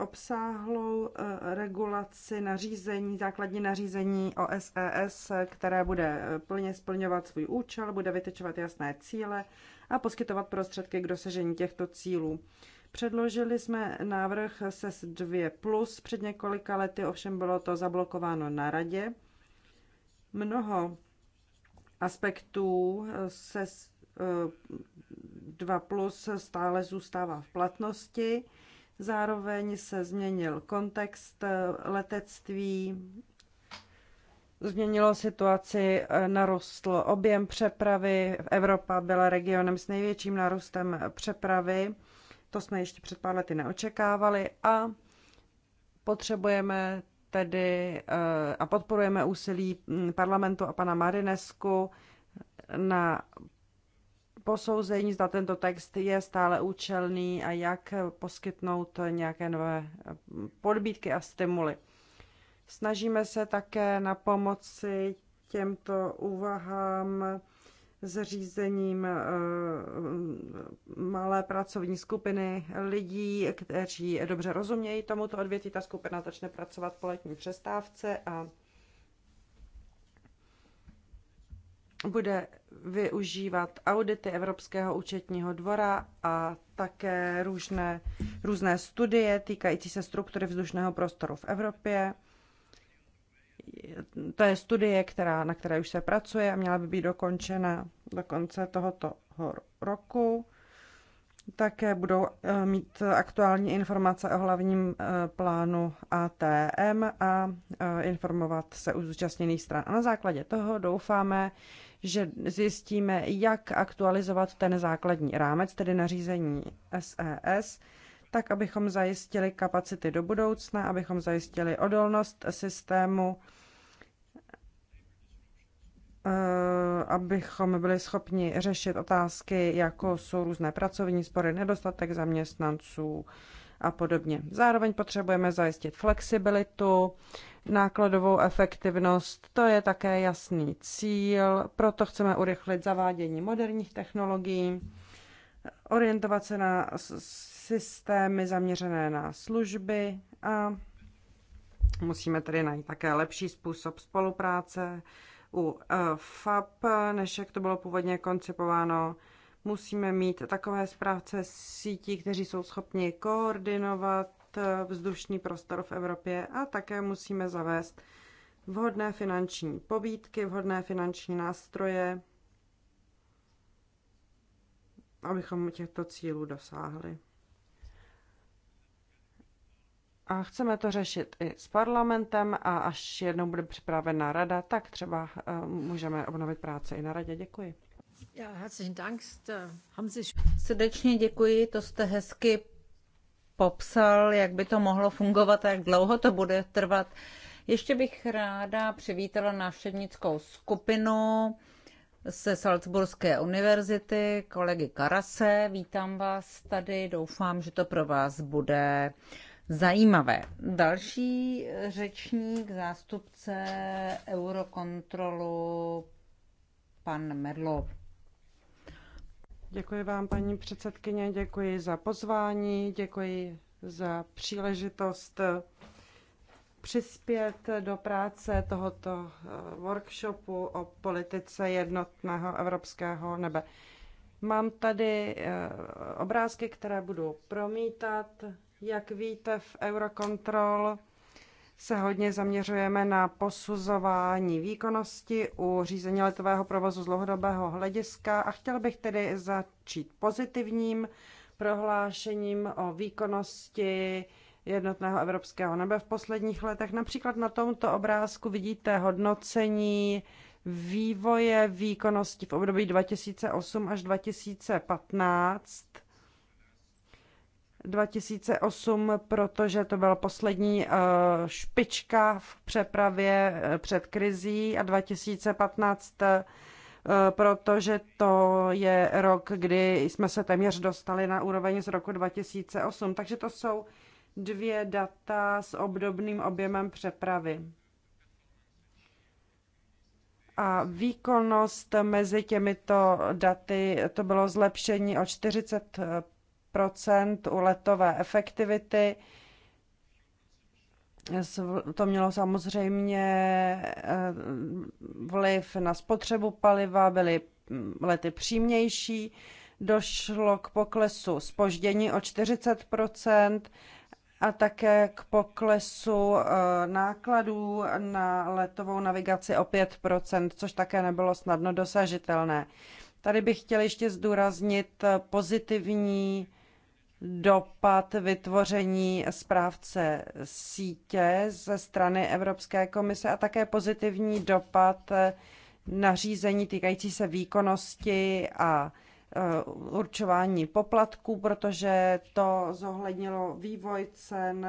obsáhlou eh, regulaci nařízení, základní nařízení OSES, e které bude eh, plně splňovat svůj účel, bude vytečovat jasné cíle a poskytovat prostředky k dosažení těchto cílů. Předložili jsme návrh SES 2 e plus před několika lety, ovšem bylo to zablokováno na radě. Mnoho aspektů SES eh, 2 e plus stále zůstává v platnosti Zároveň se změnil kontext eh, letectví, změnilo situaci, eh, narostl objem přepravy. Evropa byla regionem s největším narostem přepravy. To jsme ještě před pár lety neočekávali a potřebujeme tedy eh, a podporujeme úsilí mm, parlamentu a pana Marinesku na posouzení, zda tento text je stále účelný a jak poskytnout nějaké nové eh, podbídky a stimuly. Snažíme se také na pomoci těmto úvahám zřízením eh, malé pracovní skupiny lidí, kteří dobře rozumějí tomuto odvětví. Ta skupina začne pracovat po letní přestávce a bude využívat audity Evropského účetního dvora a také různé, různé studie týkající se struktury vzdušného prostoru v Evropě. To je studie, která, na které už se pracuje a měla by být dokončena do konce tohoto roku. Také budou eh, mít aktuální informace o hlavním eh, plánu ATM a eh, informovat se u zúčastněných stran. A na základě toho doufáme, že zjistíme, jak aktualizovat ten základní rámec, tedy nařízení SES, e tak abychom zajistili kapacity do budoucna, abychom zajistili odolnost systému Eh, abychom byli schopni řešit otázky, jako jsou různé pracovní spory, nedostatek zaměstnanců a podobně. Zároveň potřebujeme zajistit flexibilitu, nákladovou efektivnost, to je také jasný cíl, proto chceme urychlit zavádění moderních technologií, orientovat se na systémy zaměřené na služby a musíme tedy najít také lepší způsob spolupráce u eh, FAP, než jak to bylo původně koncipováno. Musíme mít takové správce sítí, kteří jsou schopni koordinovat eh, vzdušný prostor v Evropě a také musíme zavést vhodné finanční pobídky, vhodné finanční nástroje, abychom těchto cílů dosáhli. A chceme to řešit i s parlamentem a až jednou bude připravena rada, tak třeba eh, můžeme obnovit práci i na radě. Děkuji. Ja, herzlichen Dank. Srdečně děkuji, to jste hezky popsal, jak by to mohlo fungovat a jak dlouho to bude trvat. Ještě bych ráda přivítala návštěvnickou skupinu ze Salzburské univerzity, kolegy Karase. Vítám vás tady, doufám, že to pro vás bude zajímavé. Další řečník, zástupce Eurokontrolu, pan Merlo. Děkuji vám, paní předsedkyně, děkuji za pozvání, děkuji za příležitost přispět do práce tohoto eh, workshopu o politice jednotného evropského nebe. Mám tady eh, obrázky, které budu promítat. Jak víte, v Eurocontrol se hodně zaměřujeme na posuzování výkonnosti u řízení letového provozu z dlouhodobého hlediska a chtěl bych tedy začít pozitivním prohlášením o výkonnosti jednotného evropského nebe v posledních letech. Například na tomto obrázku vidíte hodnocení vývoje výkonnosti v období 2008 až 2015 2008, protože to byla poslední eh, špička v přepravě eh, před krizí a 2015 eh, protože to je rok, kdy jsme se téměř dostali na úroveň z roku 2008. Takže to jsou dvě data s obdobným objemem přepravy. A výkonnost mezi těmito daty, to bylo zlepšení o 40 u letové efektivity. To mělo samozřejmě eh, vliv na spotřebu paliva, byly mm, lety přímější, došlo k poklesu spoždění o 40 a také k poklesu eh, nákladů na letovou navigaci o 5 což také nebylo snadno dosažitelné. Tady bych chtěl ještě zdůraznit eh, pozitivní dopad vytvoření správce sítě ze strany Evropské komise a také pozitivní dopad eh, nařízení týkající se výkonnosti a eh, určování poplatků, protože to zohlednilo vývoj cen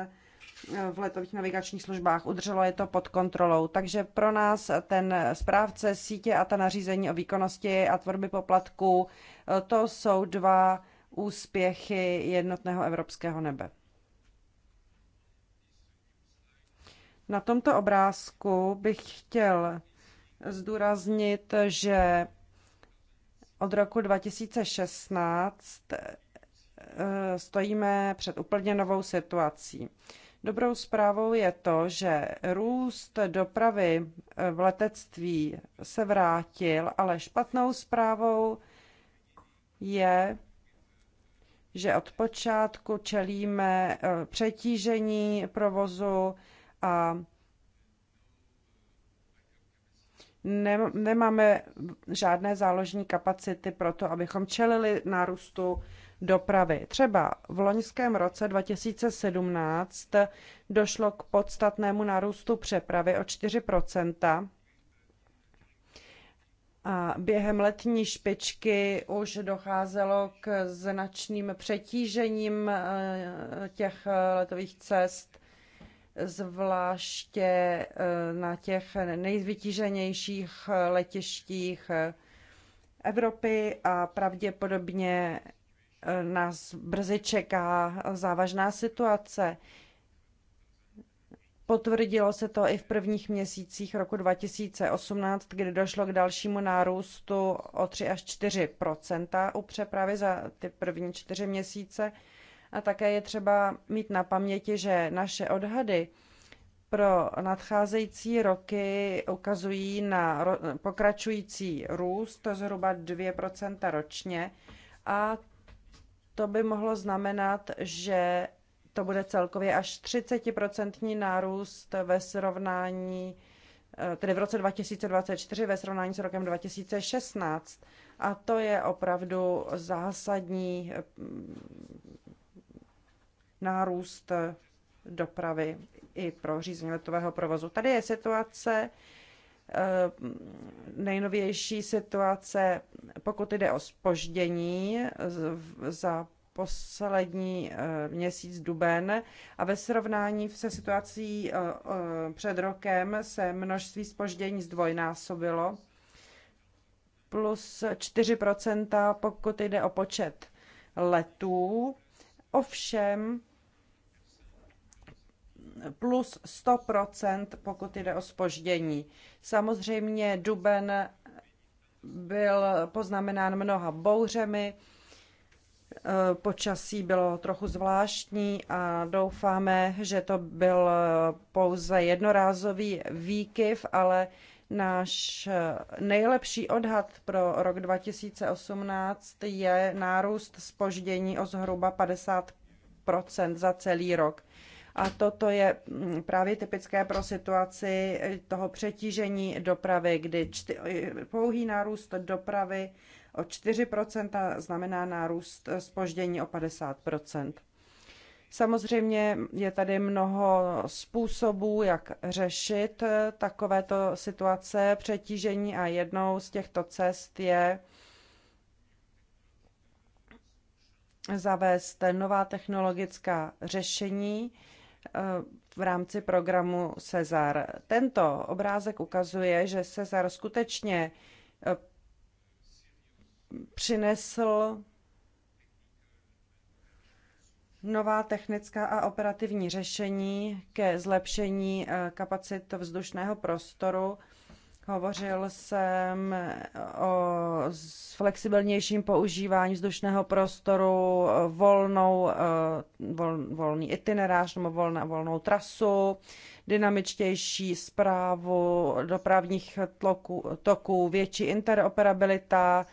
eh, v letových navigačních službách, udrželo je to pod kontrolou. Takže pro nás ten správce sítě a ta nařízení o výkonnosti a tvorby poplatků, to jsou dva úspěchy jednotného evropského nebe. Na tomto obrázku bych chtěl zdůraznit, že od roku 2016 eh, stojíme před úplně novou situací. Dobrou zprávou je to, že růst dopravy eh, v letectví se vrátil, ale špatnou zprávou je, že od počátku čelíme eh, přetížení provozu a nemáme žádné záložní kapacity pro to, abychom čelili nárůstu dopravy. Třeba v loňském roce 2017 došlo k podstatnému nárůstu přepravy o 4 a během letní špičky už docházelo k značným přetížením eh, těch letových cest, zvláště eh, na těch nejvytíženějších letištích eh, Evropy a pravděpodobně nás brzy čeká závažná situace. Potvrdilo se to i v prvních měsících roku 2018, kdy došlo k dalšímu nárůstu o 3 až 4 u přepravy za ty první čtyři měsíce. A také je třeba mít na paměti, že naše odhady pro nadcházející roky ukazují na pokračující růst, zhruba 2 ročně. A to by mohlo znamenat, že to bude celkově až 30% nárůst ve srovnání, eh, tedy v roce 2024 ve srovnání s rokem 2016. A to je opravdu zásadní mm, nárůst dopravy i pro řízení letového provozu. Tady je situace, eh, nejnovější situace, pokud jde o spoždění za poslední eh, měsíc duben a ve srovnání se situací eh, eh, před rokem se množství spoždění zdvojnásobilo plus 4%, pokud jde o počet letů. Ovšem plus 100%, pokud jde o spoždění. Samozřejmě duben byl poznamenán mnoha bouřemi, Eh, počasí bylo trochu zvláštní a doufáme, že to byl eh, pouze jednorázový výkyv, ale náš eh, nejlepší odhad pro rok 2018 je nárůst spoždění o zhruba 50 za celý rok. A toto je mm, právě typické pro situaci toho přetížení dopravy, kdy čty, pouhý nárůst dopravy o 4 znamená nárůst spoždění eh, o 50 Samozřejmě je tady mnoho způsobů, jak řešit eh, takovéto situace přetížení a jednou z těchto cest je zavést nová technologická řešení eh, v rámci programu Cezar. Tento obrázek ukazuje, že Cezar skutečně přinesl nová technická a operativní řešení ke zlepšení eh, kapacit vzdušného prostoru. Hovořil jsem o flexibilnějším používání vzdušného prostoru, eh, volnou, eh, vol, volný itinerář nebo volna, volnou trasu, dynamičtější zprávu dopravních toků, větší interoperabilita,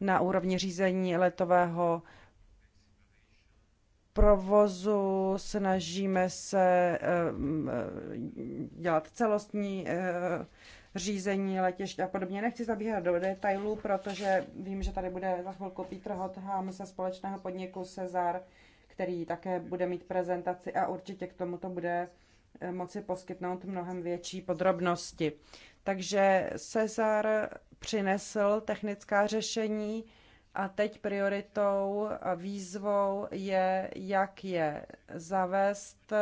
na úrovni řízení letového provozu, snažíme se eh, dělat celostní eh, řízení letiště a podobně. Nechci zabíhat do detailů, protože vím, že tady bude za chvilku Petr Hotham ze společného podniku Cezar, který také bude mít prezentaci a určitě k tomuto bude eh, moci poskytnout mnohem větší podrobnosti. Takže Cezar přinesl technická řešení a teď prioritou a výzvou je, jak je zavést.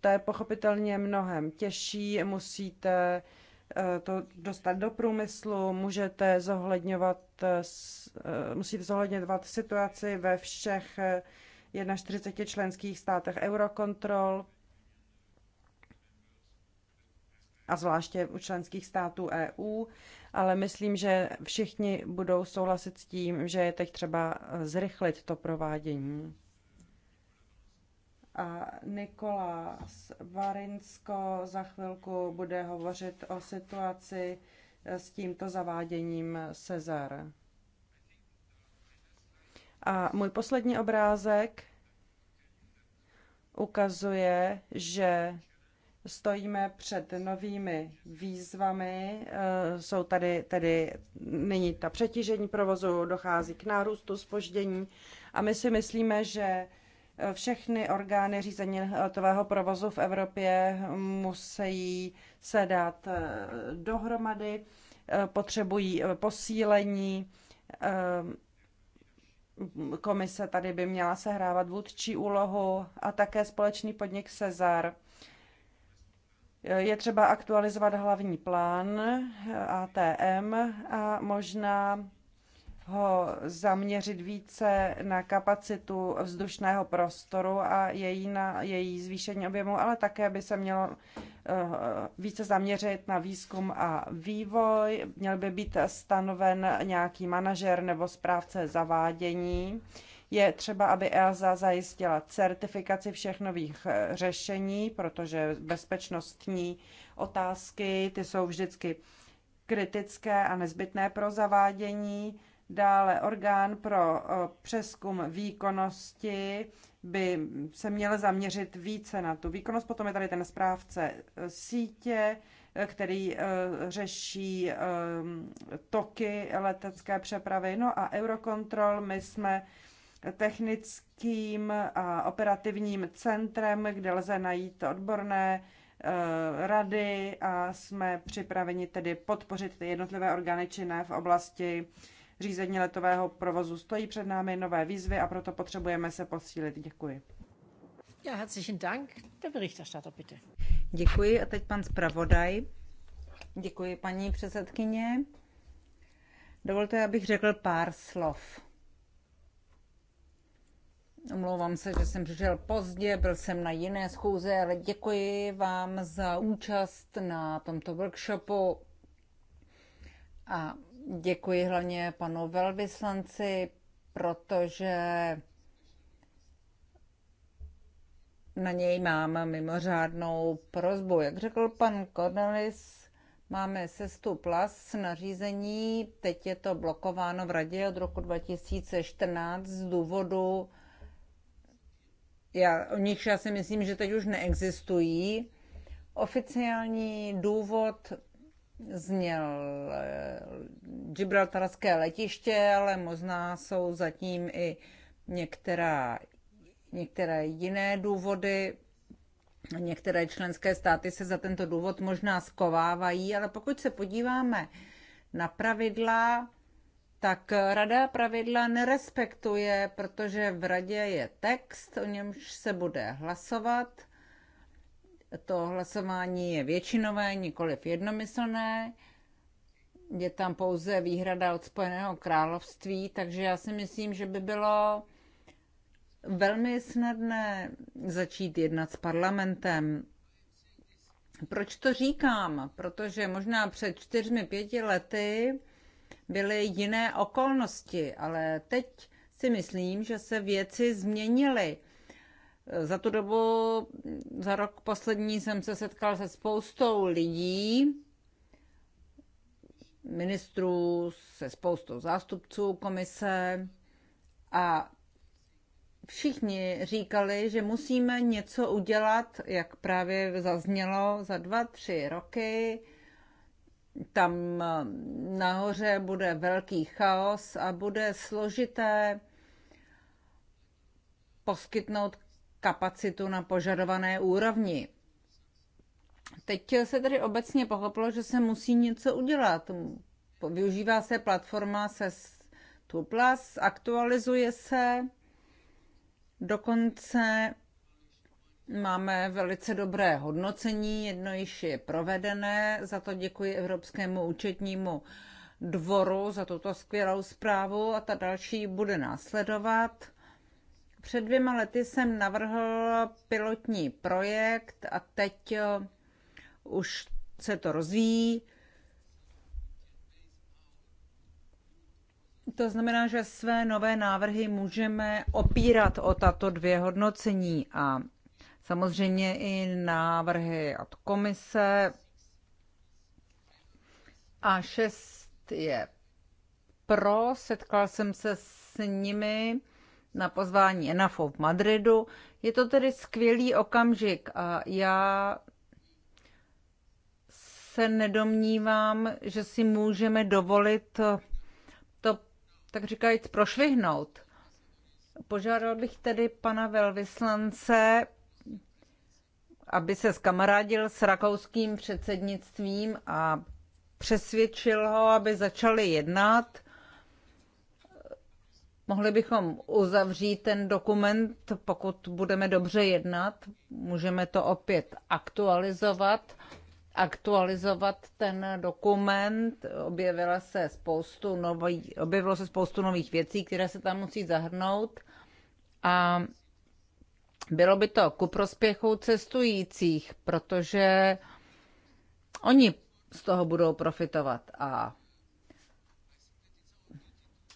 To je pochopitelně mnohem těžší, musíte eh, to dostat do průmyslu, můžete zohledňovat, eh, musíte zohledňovat situaci ve všech eh, 41 členských státech Eurocontrol, a zvláště u členských států EU, ale myslím, že všichni budou souhlasit s tím, že je teď třeba zrychlit to provádění. A Nikolás Varinsko za chvilku bude hovořit o situaci s tímto zaváděním Cezar. A můj poslední obrázek ukazuje, že Stojíme před novými výzvami, eh, jsou tady tedy nyní ta přetížení provozu, dochází k nárůstu spoždění a my si myslíme, že eh, všechny orgány řízení letového provozu v Evropě musí se dát eh, dohromady, potřebují posílení. Komise tady by měla sehrávat vůdčí úlohu a také společný podnik Cezar je třeba aktualizovat hlavní plán ATM a možná ho zaměřit více na kapacitu vzdušného prostoru a její, na, její zvýšení objemu, ale také by se mělo eh, více zaměřit na výzkum a vývoj. Měl by být stanoven nějaký manažer nebo správce zavádění je třeba, aby EASA zajistila certifikaci všech nových eh, řešení, protože bezpečnostní otázky ty jsou vždycky kritické a nezbytné pro zavádění. Dále orgán pro eh, přeskum výkonnosti by se měl zaměřit více na tu výkonnost. Potom je tady ten správce eh, sítě, který řeší toky letecké přepravy. No a Eurocontrol, my jsme technickým a operativním centrem, kde lze najít odborné eh, rady a jsme připraveni tedy podpořit ty jednotlivé orgány činné v oblasti řízení letového provozu. Stojí před námi nové výzvy a proto potřebujeme se posílit. Děkuji. Ja, herzlichen Dank. Der Berichterstatter, bitte. Děkuji a teď pan zpravodaj. Děkuji, paní předsedkyně. Dovolte, abych řekl pár slov. Omlouvám se, že jsem přišel pozdě, byl jsem na jiné schůze, ale děkuji vám za účast na tomto workshopu a děkuji hlavně panu velvyslanci, protože na něj mám mimořádnou prozbu. Jak řekl pan Cornelis, máme sestu plus nařízení, teď je to blokováno v radě od roku 2014 z důvodu já, o nich já si myslím, že teď už neexistují. Oficiální důvod zněl eh, Gibraltarské letiště, ale možná jsou zatím i některá, některé jiné důvody. Některé členské státy se za tento důvod možná skovávají, ale pokud se podíváme na pravidla, tak eh, rada pravidla nerespektuje, protože v radě je text, o němž se bude hlasovat. To hlasování je většinové, nikoliv jednomyslné. Je tam pouze výhrada od Spojeného království, takže já si myslím, že by bylo velmi snadné začít jednat s parlamentem. Proč to říkám? Protože možná před čtyřmi, pěti lety byly jiné okolnosti, ale teď si myslím, že se věci změnily. Za tu dobu, za rok poslední, jsem se setkal se spoustou lidí, ministrů, se spoustou zástupců komise a všichni říkali, že musíme něco udělat, jak právě zaznělo, za dva, tři roky tam eh, nahoře bude velký chaos a bude složité poskytnout kapacitu na požadované úrovni. Teď se tedy obecně pochopilo, že se musí něco udělat. Využívá se platforma se Tuplas, aktualizuje se, dokonce Máme velice dobré hodnocení, jedno již je provedené, za to děkuji Evropskému účetnímu dvoru za tuto skvělou zprávu a ta další bude následovat. Před dvěma lety jsem navrhl pilotní projekt a teď eh, už se to rozvíjí. To znamená, že své nové návrhy můžeme opírat o tato dvě hodnocení a Samozřejmě i návrhy od komise. A šest je pro, setkal jsem se s nimi na pozvání ENAFO v Madridu. Je to tedy skvělý okamžik a já se nedomnívám, že si můžeme dovolit to, tak říkajíc, prošvihnout. Požádal bych tedy pana velvyslance, aby se skamarádil s rakouským předsednictvím a přesvědčil ho, aby začali jednat. Mohli bychom uzavřít ten dokument, pokud budeme dobře jednat. Můžeme to opět aktualizovat. Aktualizovat ten dokument. Objevila se spoustu nový, objevilo se spoustu nových věcí, které se tam musí zahrnout. A bylo by to ku prospěchu cestujících, protože oni z toho budou profitovat a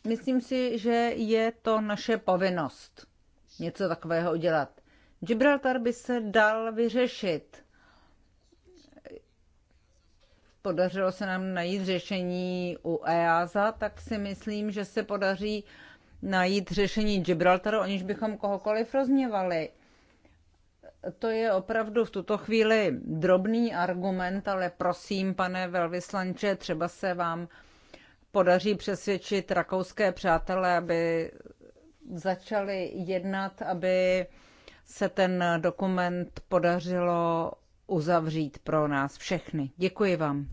myslím si, že je to naše povinnost něco takového udělat. Gibraltar by se dal vyřešit. Podařilo se nám najít řešení u EASA, tak si myslím, že se podaří uh, najít řešení Gibraltaru, aniž bychom kohokoliv rozměvali. To je opravdu v tuto chvíli drobný argument, ale prosím, pane velvyslanče, třeba se vám podaří přesvědčit rakouské přátelé, aby začali jednat, aby se ten dokument podařilo uzavřít pro nás všechny. Děkuji vám.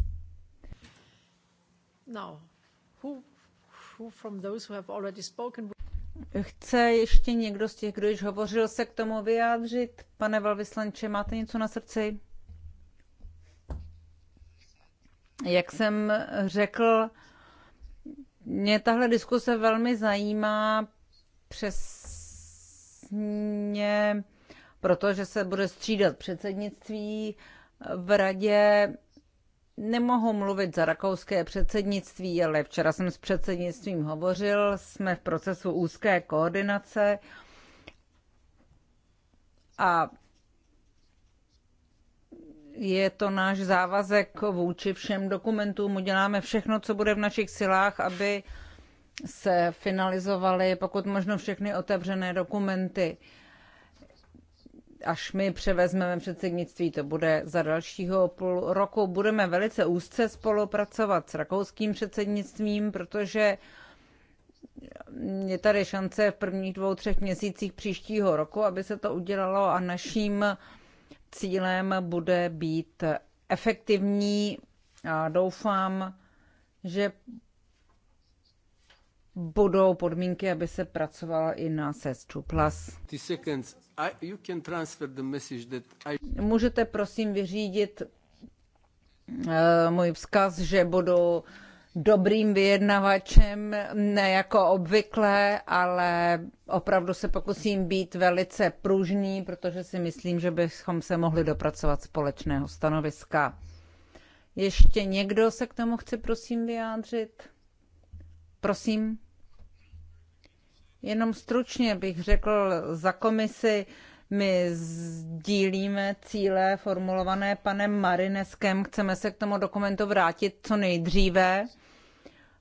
No. Chce ještě někdo z těch, kdo již hovořil, se k tomu vyjádřit? Pane velvyslanče, máte něco na srdci? Jak jsem řekl, mě tahle diskuse velmi zajímá přesně, protože se bude střídat předsednictví v radě Nemohu mluvit za rakouské předsednictví, ale včera jsem s předsednictvím hovořil, jsme v procesu úzké koordinace a je to náš závazek vůči všem dokumentům. Uděláme všechno, co bude v našich silách, aby se finalizovaly pokud možno všechny otevřené dokumenty až my převezmeme předsednictví, to bude za dalšího půl roku. Budeme velice úzce spolupracovat s rakouským předsednictvím, protože je tady šance v prvních dvou, třech měsících příštího roku, aby se to udělalo a naším cílem bude být efektivní a doufám, že budou podmínky, aby se pracovalo i na SES2+. Plus. Můžete prosím vyřídit eh, můj vzkaz, že budu dobrým vyjednavačem, ne jako obvykle, ale opravdu se pokusím být velice pružný, protože si myslím, že bychom se mohli dopracovat společného stanoviska. Ještě někdo se k tomu chce prosím vyjádřit? Prosím. Jenom stručně bych řekl za komisi, my sdílíme cíle formulované panem Marineskem, chceme se k tomu dokumentu vrátit co nejdříve,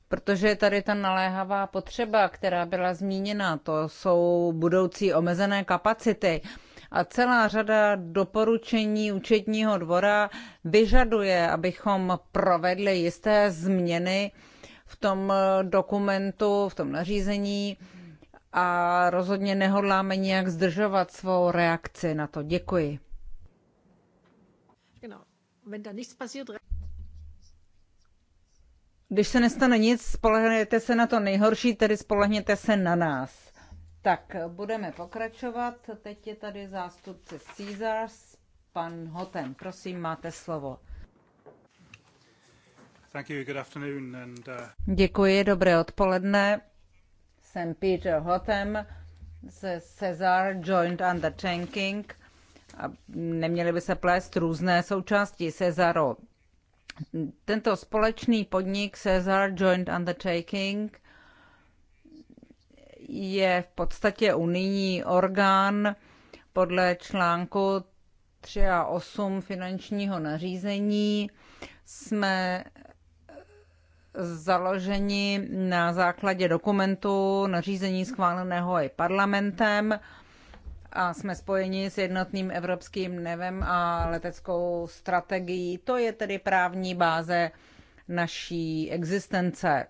protože je tady ta naléhavá potřeba, která byla zmíněna, to jsou budoucí omezené kapacity. A celá řada doporučení účetního dvora vyžaduje, abychom provedli jisté změny v tom dokumentu, v tom nařízení, a rozhodně nehodláme nějak zdržovat svou reakci na to. Děkuji. Když se nestane nic, spolehněte se na to nejhorší, tedy spolehněte se na nás. Tak, budeme pokračovat. Teď je tady zástupce Caesars, pan Hoten. Prosím, máte slovo. Uh, Děkuji, dobré odpoledne jsem Peter Hotem ze Cesar Joint Undertaking a neměly by se plést různé součásti Cesaro. Tento společný podnik Cesar Joint Undertaking je v podstatě unijní orgán podle článku 3 a 8 finančního nařízení. Jsme založeni na základě dokumentu nařízení schváleného i parlamentem a jsme spojeni s jednotným evropským nevem a leteckou strategií. To je tedy právní báze naší existence.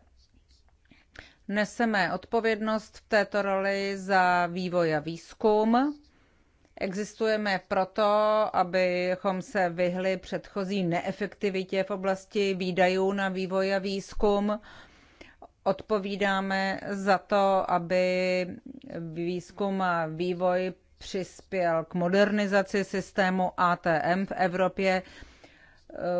Neseme odpovědnost v této roli za vývoj a výzkum Existujeme proto, abychom se vyhli předchozí neefektivitě v oblasti výdajů na vývoj a výzkum. Odpovídáme za to, aby výzkum a vývoj přispěl k modernizaci systému ATM v Evropě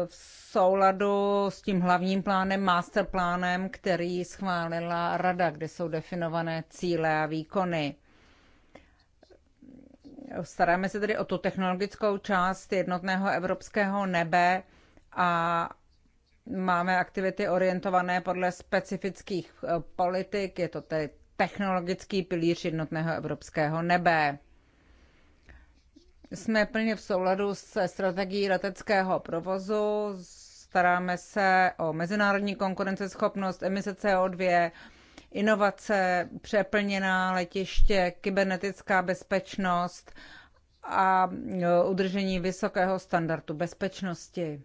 v souladu s tím hlavním plánem, masterplánem, který schválila Rada, kde jsou definované cíle a výkony. Staráme se tedy o tu technologickou část jednotného evropského nebe a máme aktivity orientované podle specifických eh, politik. Je to tedy technologický pilíř jednotného evropského nebe. Jsme plně v souladu se strategií leteckého provozu, staráme se o mezinárodní konkurenceschopnost, emise CO2, inovace, přeplněná letiště, kybernetická bezpečnost a e, udržení vysokého standardu bezpečnosti.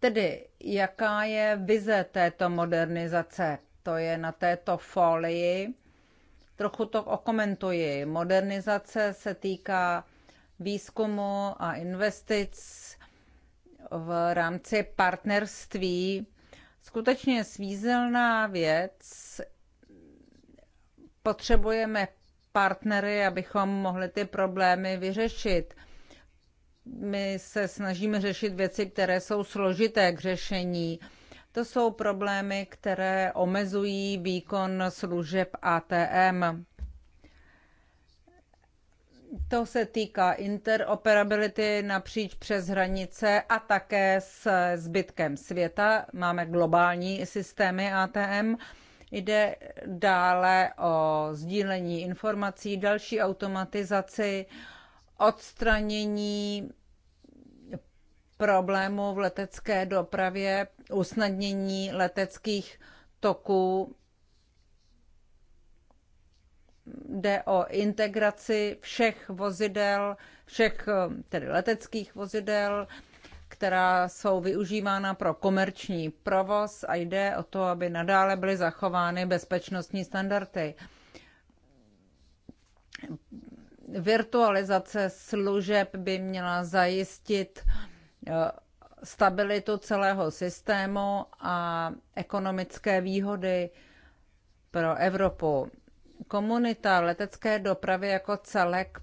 Tedy, jaká je vize této modernizace? To je na této folii. Trochu to okomentuji. Modernizace se týká výzkumu a investic v rámci partnerství skutečně svízelná věc. Potřebujeme partnery, abychom mohli ty problémy vyřešit. My se snažíme řešit věci, které jsou složité k řešení. To jsou problémy, které omezují výkon služeb ATM. To se týká interoperability napříč přes hranice a také s zbytkem světa. Máme globální systémy ATM. Jde dále o sdílení informací, další automatizaci, odstranění problémů v letecké dopravě, usnadnění leteckých toků jde o integraci všech vozidel, všech eh, tedy leteckých vozidel, která jsou využívána pro komerční provoz a jde o to, aby nadále byly zachovány bezpečnostní standardy. Virtualizace služeb by měla zajistit eh, stabilitu celého systému a ekonomické výhody pro Evropu. Komunita letecké dopravy jako celek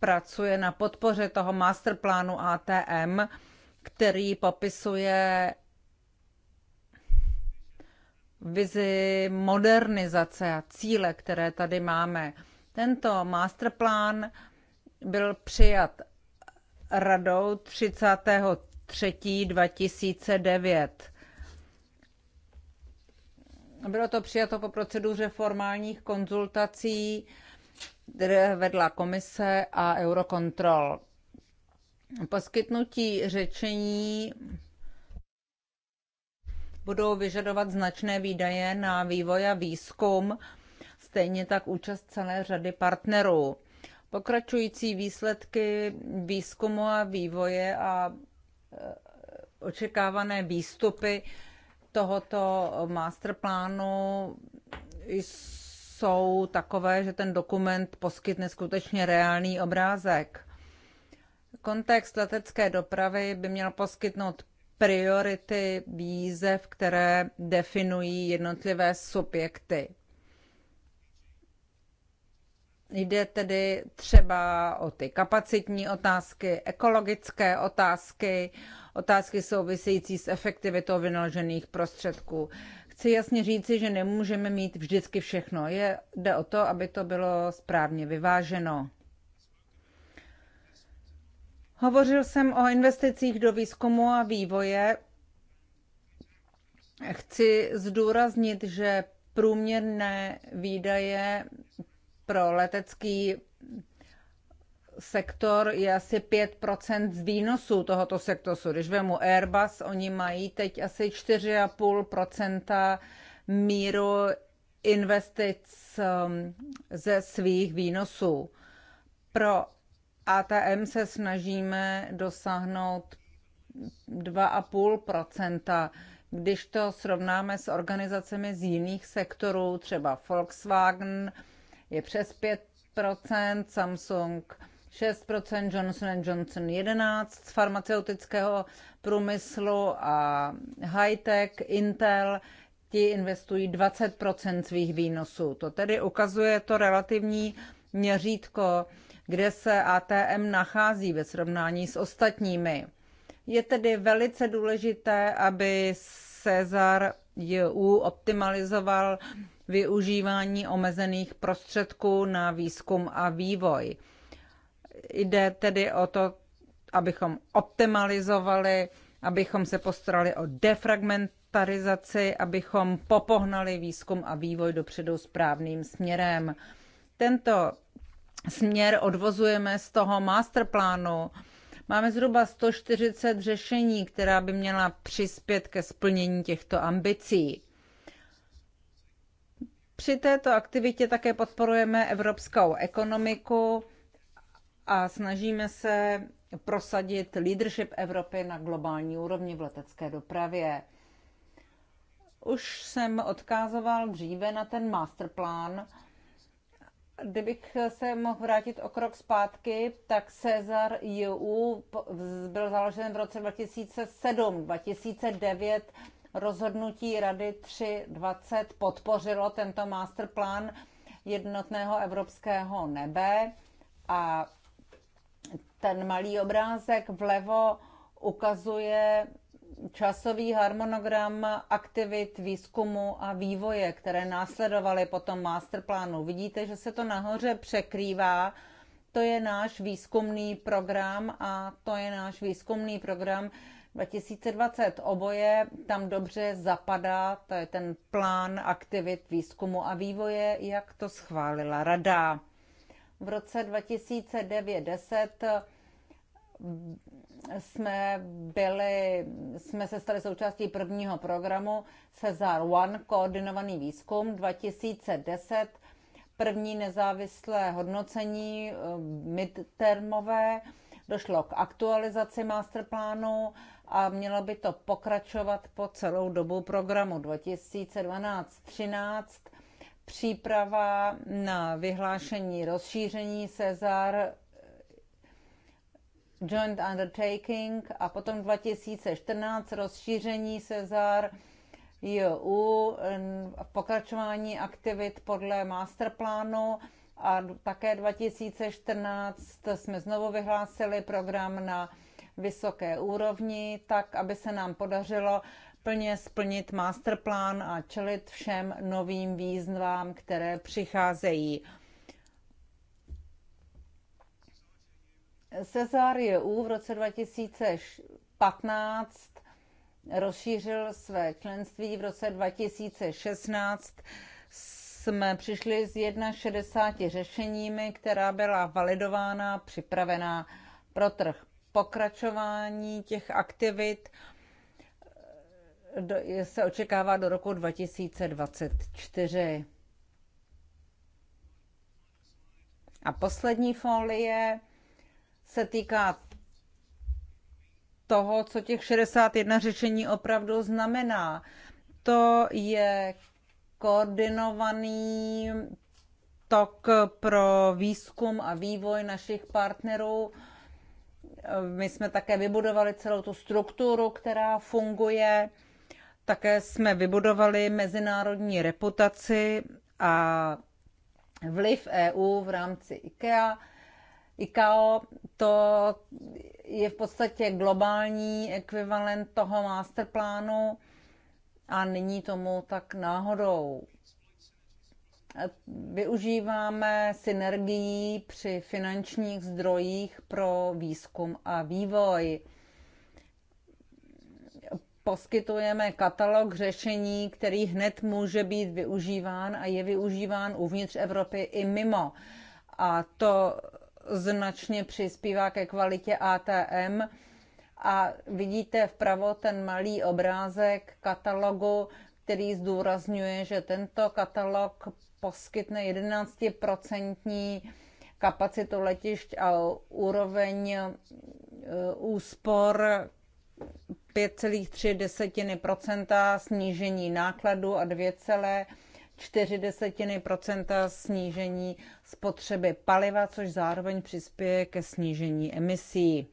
pracuje na podpoře toho masterplánu ATM, který popisuje vizi modernizace a cíle, které tady máme. Tento masterplán byl přijat radou 33. 2009. Bylo to přijato po proceduře formálních konzultací, které vedla komise a Eurocontrol. Poskytnutí řečení budou vyžadovat značné výdaje na vývoj a výzkum, stejně tak účast celé řady partnerů. Pokračující výsledky výzkumu a vývoje a e, očekávané výstupy tohoto masterplánu jsou takové, že ten dokument poskytne skutečně reálný obrázek. Kontext letecké dopravy by měl poskytnout priority výzev, které definují jednotlivé subjekty. Jde tedy třeba o ty kapacitní otázky, ekologické otázky, otázky související s efektivitou vynaložených prostředků. Chci jasně říci, že nemůžeme mít vždycky všechno. Je, jde o to, aby to bylo správně vyváženo. Hovořil jsem o investicích do výzkumu a vývoje. Chci zdůraznit, že průměrné výdaje pro letecký sektor je asi 5% z výnosu tohoto sektoru. Když vemu Airbus, oni mají teď asi 4,5% míru investic um, ze svých výnosů. Pro ATM se snažíme dosáhnout 2,5%. Když to srovnáme s organizacemi z jiných sektorů, třeba Volkswagen, je přes 5%, Samsung 6%, Johnson Johnson 11% z farmaceutického průmyslu a high-tech, Intel, ti investují 20% svých výnosů. To tedy ukazuje to relativní měřítko, kde se ATM nachází ve srovnání s ostatními. Je tedy velice důležité, aby Cezar JU optimalizoval využívání omezených prostředků na výzkum a vývoj. Jde tedy o to, abychom optimalizovali, abychom se postarali o defragmentarizaci, abychom popohnali výzkum a vývoj dopředu správným směrem. Tento směr odvozujeme z toho masterplánu. Máme zhruba 140 řešení, která by měla přispět ke splnění těchto ambicí. Při této aktivitě také podporujeme evropskou ekonomiku a snažíme se prosadit leadership Evropy na globální úrovni v letecké dopravě. Už jsem odkázoval dříve na ten masterplán. Kdybych se mohl vrátit o krok zpátky, tak Cezar EU byl založen v roce 2007. 2009 Rozhodnutí Rady 320 podpořilo tento masterplán jednotného evropského nebe a ten malý obrázek vlevo ukazuje časový harmonogram aktivit výzkumu a vývoje, které následovaly po tom masterplánu. Vidíte, že se to nahoře překrývá. To je náš výzkumný program a to je náš výzkumný program, 2020 oboje tam dobře zapadá, to je ten plán aktivit výzkumu a vývoje, jak to schválila rada. V roce 2009-10 jsme byli, jsme se stali součástí prvního programu Cezar One, koordinovaný výzkum 2010, první nezávislé hodnocení eh, midtermové, došlo k aktualizaci masterplánu a mělo by to pokračovat po celou dobu programu 2012-13. Příprava na vyhlášení rozšíření Cezar Joint Undertaking a potom 2014 rozšíření Cezar EU pokračování aktivit podle masterplánu a také 2014 jsme znovu vyhlásili program na vysoké úrovni, tak aby se nám podařilo plně splnit masterplán a čelit všem novým výzvám, které přicházejí. Cezar EU v roce 2015 rozšířil své členství v roce 2016. Jsme přišli s 61 řešeními, která byla validována, připravená pro trh pokračování těch aktivit se očekává do roku 2024. A poslední folie se týká toho, co těch 61 řešení opravdu znamená. To je koordinovaný tok pro výzkum a vývoj našich partnerů my jsme také vybudovali celou tu strukturu, která funguje. Také jsme vybudovali mezinárodní reputaci a vliv EU v rámci IKEA. ICAO to je v podstatě globální ekvivalent toho masterplánu a není tomu tak náhodou. Využíváme synergií při finančních zdrojích pro výzkum a vývoj. Poskytujeme katalog řešení, který hned může být využíván a je využíván uvnitř Evropy i mimo. A to značně přispívá ke kvalitě ATM. A vidíte vpravo ten malý obrázek katalogu, který zdůrazňuje, že tento katalog poskytne 11% kapacitu letišť a úroveň e, úspor 5,3 snížení nákladu a 2,4 snížení spotřeby paliva, což zároveň přispěje ke snížení emisí.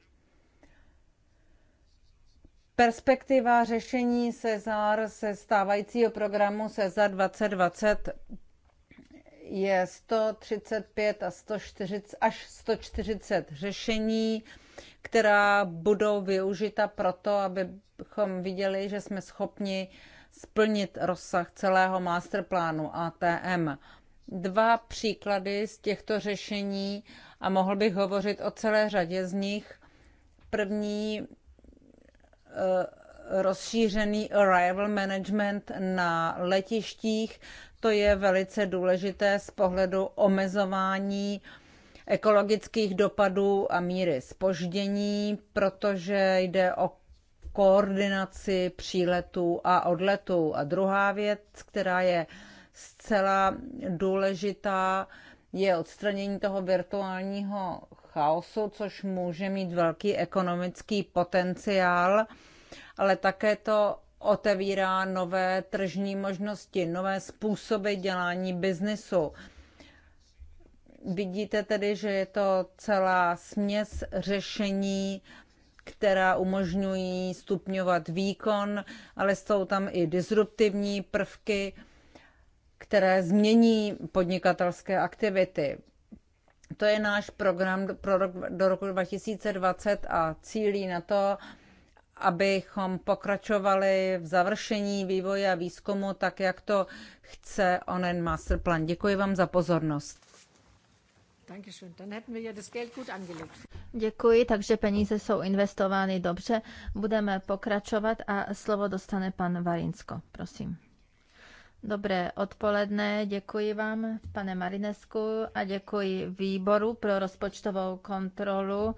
Perspektiva řešení Cezar se stávajícího programu Cezar 2020 je 135 a 140, až 140 řešení, která budou využita proto, abychom viděli, že jsme schopni splnit rozsah celého masterplánu ATM. Dva příklady z těchto řešení a mohl bych hovořit o celé řadě z nich. První eh, rozšířený arrival management na letištích. To je velice důležité z pohledu omezování ekologických dopadů a míry spoždění, protože jde o koordinaci příletů a odletů. A druhá věc, která je zcela důležitá, je odstranění toho virtuálního chaosu, což může mít velký ekonomický potenciál ale také to otevírá nové tržní možnosti, nové způsoby dělání biznesu. Vidíte tedy, že je to celá směs řešení, která umožňují stupňovat výkon, ale jsou tam i disruptivní prvky, které změní podnikatelské aktivity. To je náš program pro rok, do roku 2020 a cílí na to, abychom pokračovali v završení vývoje a výzkumu tak, jak to chce onen masterplan. Děkuji vám za pozornost. Děkuji, takže peníze jsou investovány dobře. Budeme pokračovat a slovo dostane pan Varinsko. Prosím. Dobré odpoledne, děkuji vám, pane Marinesku, a děkuji výboru pro rozpočtovou kontrolu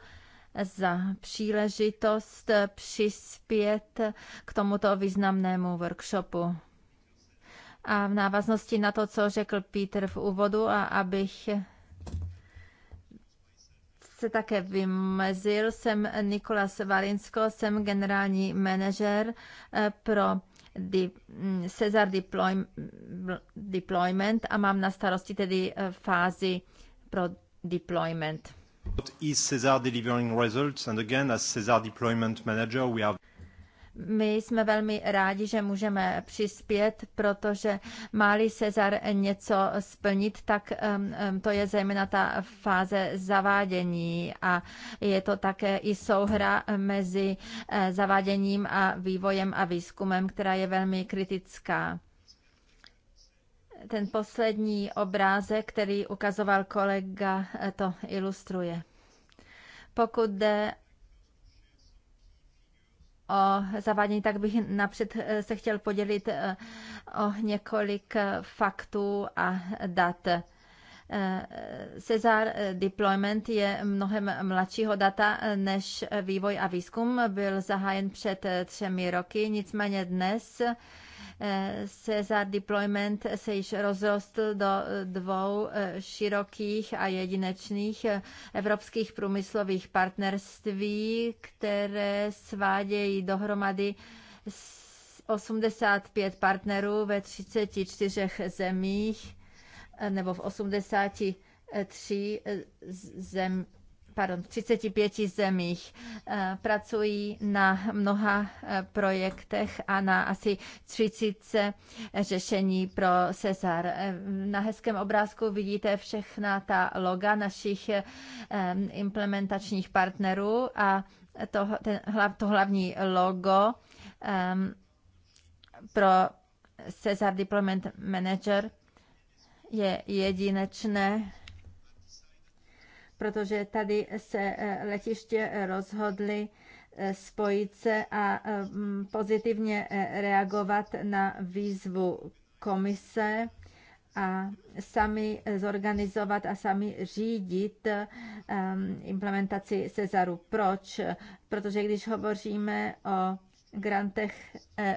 za příležitost přispět k tomuto významnému workshopu. A v návaznosti na to, co řekl Peter v úvodu, a abych se také vymezil, jsem Nikolas Valinsko, jsem generální manažer eh, pro mm, Cesar deploy, Deployment a mám na starosti tedy eh, fázi pro deployment. My jsme velmi rádi, že můžeme přispět, protože máli Cezar něco splnit, tak to je zejména ta fáze zavádění a je to také i souhra mezi eh, zaváděním a vývojem a výzkumem, která je velmi kritická ten poslední obrázek, který ukazoval kolega, eh, to ilustruje. Pokud jde o zavádění, tak bych napřed eh, se chtěl podělit eh, o několik faktů a dat. Cesar Deployment je mnohem mladšího data než vývoj a výzkum. Byl zahájen před třemi roky, nicméně dnes Cesar Deployment se již rozrostl do dvou eh, širokých a jedinečných eh, evropských průmyslových partnerství, které svádějí dohromady 85 partnerů ve 34 zemích eh, nebo v 83 zem, pardon, v 35 zemích. Eh, pracují na mnoha eh, projektech a na asi 30 řešení pro Cezar. Eh, na hezkém obrázku vidíte všechna ta loga našich implementačních partnerů a to, ten, to hlavní logo um, pro Cezar Deployment Manager je jedinečné protože tady se eh, letiště eh, rozhodly eh, spojit se a mm, pozitivně reagovat na výzvu komise a sami zorganizovat a sami řídit ehm, implementaci Cezaru. Proč? Protože když hovoříme o grantech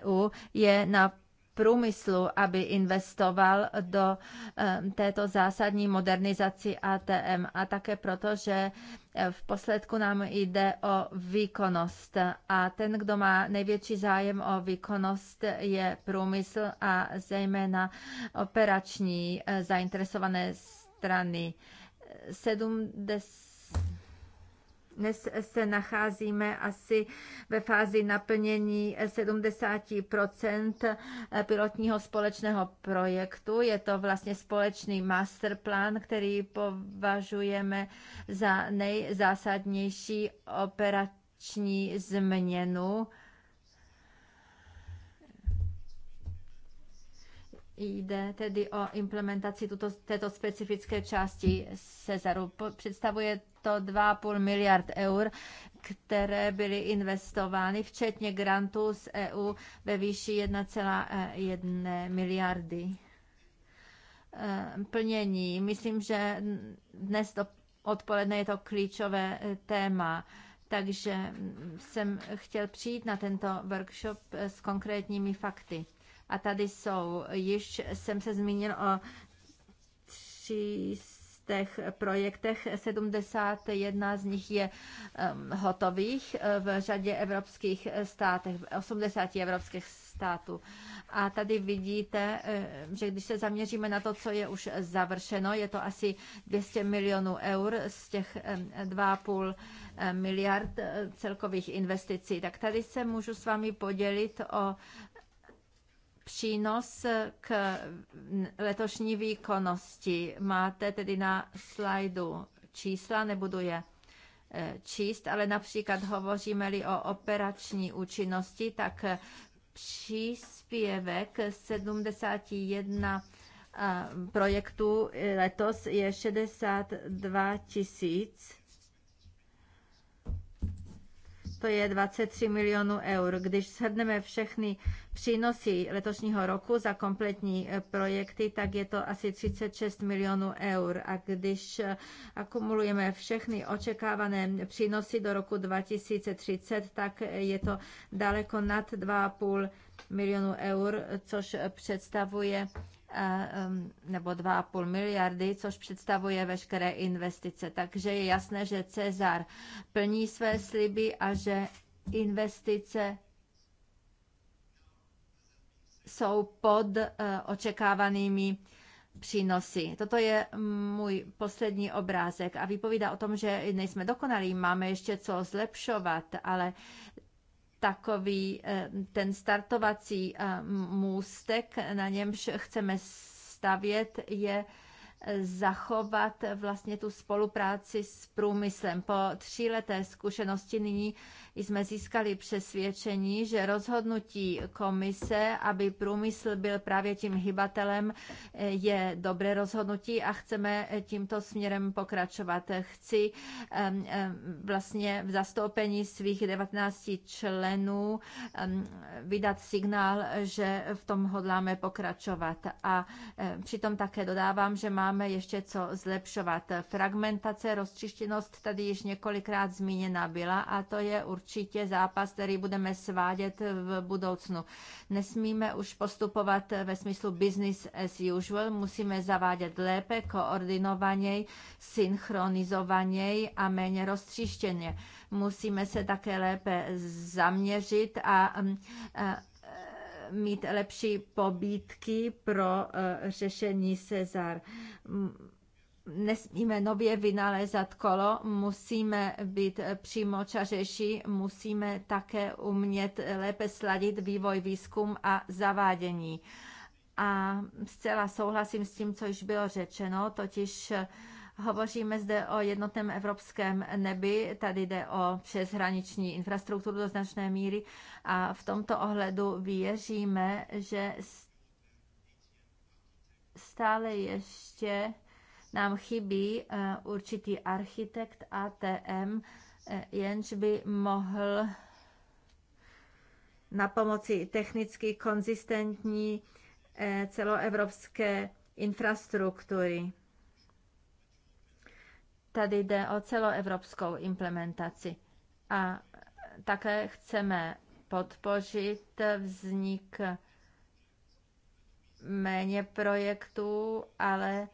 EU, je na průmyslu, aby investoval do eh, této zásadní modernizaci ATM a také proto, že eh, v posledku nám jde o výkonnost a ten, kdo má největší zájem o výkonnost, je průmysl a zejména operační eh, zainteresované strany. 70 dnes se nacházíme asi ve fázi naplnění 70 pilotního společného projektu. Je to vlastně společný masterplan, který považujeme za nejzásadnější operační změnu. Jde tedy o implementaci tuto, této specifické části Cezaru. Představuje to 2,5 miliard eur, které byly investovány, včetně grantů z EU ve výši 1,1 miliardy. Eh, plnění. Myslím, že dnes do odpoledne je to klíčové eh, téma. Takže hm, jsem chtěl přijít na tento workshop eh, s konkrétními fakty. A tady jsou, již jsem se zmínil o 300 těch projektech, 71 z nich je hotových eh, v řadě evropských státech, 80 evropských států. A tady vidíte, eh, že když se zaměříme na to, co je už završeno, je to asi 200 milionů eur z těch 2,5 eh, miliard celkových investicí. Tak tady se můžu s vámi podělit o přínos k letošní výkonnosti. Máte tedy na slajdu čísla, nebudu je eh, číst, ale například hovoříme-li o operační účinnosti, tak eh, příspěvek 71 eh, projektů letos je 62 tisíc to je 23 milionů eur. Když shrneme všechny přínosy letošního roku za kompletní eh, projekty, tak je to asi 36 milionů eur. A když eh, akumulujeme všechny očekávané přínosy do roku 2030, tak eh, je to daleko nad 2,5 milionů eur, což představuje nebo 2,5 miliardy, což představuje veškeré investice. Takže je jasné, že Cezar plní své sliby a že investice jsou pod eh, očekávanými přínosy. Toto je můj poslední obrázek a vypovídá o tom, že nejsme dokonalí, máme ještě co zlepšovat, ale takový eh, ten startovací eh, můstek, na němž chceme stavět, je zachovat vlastně tu spolupráci s průmyslem. Po tříleté zkušenosti nyní jsme získali přesvědčení, že rozhodnutí komise, aby průmysl byl právě tím hybatelem, je dobré rozhodnutí a chceme tímto směrem pokračovat. Chci vlastně v zastoupení svých 19 členů vydat signál, že v tom hodláme pokračovat. A přitom také dodávám, že máme máme ještě co zlepšovat. Fragmentace, rozčištěnost tady již několikrát zmíněna byla a to je určitě zápas, který budeme svádět v budoucnu. Nesmíme už postupovat ve smyslu business as usual, musíme zavádět lépe, koordinovaněji, synchronizovaněji a méně roztříštěně. Musíme se také lépe zaměřit a, a mít lepší pobídky pro eh, řešení Cezar nesmíme nově vynalézat kolo, musíme být eh, čařeši, musíme také umět eh, lépe sladit vývoj, výzkum a zavádění. A zcela souhlasím s tím, co již bylo řečeno, totiž Hovoříme zde o jednotném evropském nebi, tady jde o přeshraniční infrastrukturu do značné míry a v tomto ohledu věříme, že stále ještě nám chybí eh, určitý architekt ATM, eh, jenž by mohl na pomoci technicky konzistentní eh, celoevropské infrastruktury. Tady jde o celoevropskou implementaci a také chceme podpořit vznik méně projektů, ale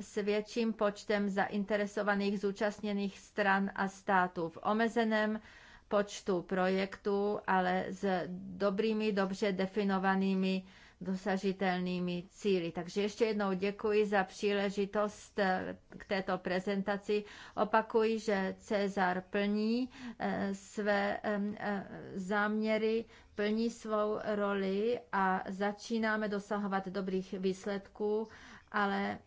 s větším počtem zainteresovaných zúčastněných stran a států v omezeném počtu projektů, ale s dobrými, dobře definovanými dosažitelnými cíly. Takže ještě jednou děkuji za příležitost eh, k této prezentaci. Opakuji, že Cezar plní eh, své eh, záměry, plní svou roli a začínáme dosahovat dobrých výsledků, ale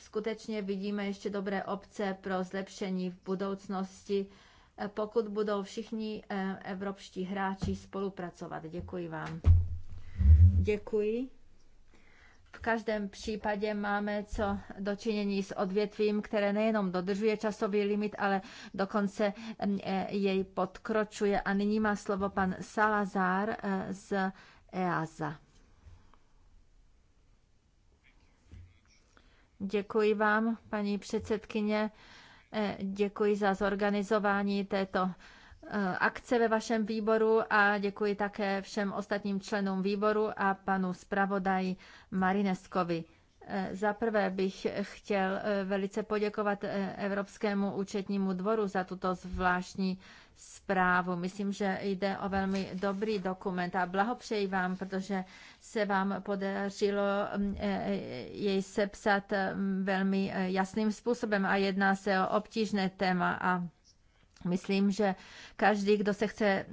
skutečně vidíme ještě dobré obce pro zlepšení v budoucnosti, pokud budou všichni evropští hráči spolupracovat. Děkuji vám. Děkuji. V každém případě máme co dočinění s odvětvím, které nejenom dodržuje časový limit, ale dokonce mm, e, jej podkročuje. A nyní má slovo pan Salazar e, z EASA. Děkuji vám, paní předsedkyně. E, děkuji za zorganizování této Eh, akce ve vašem výboru a děkuji také všem ostatním členům výboru a panu zpravodaji Marineskovi. Eh, za prvé bych chtěl eh, velice poděkovat Evropskému účetnímu dvoru za tuto zvláštní zprávu. Myslím, že jde o velmi dobrý dokument a blahopřeji vám, protože se vám podařilo mm, jej sepsat mm, velmi jasným způsobem a jedná se o obtížné téma a Myslím, že každý, kdo se chce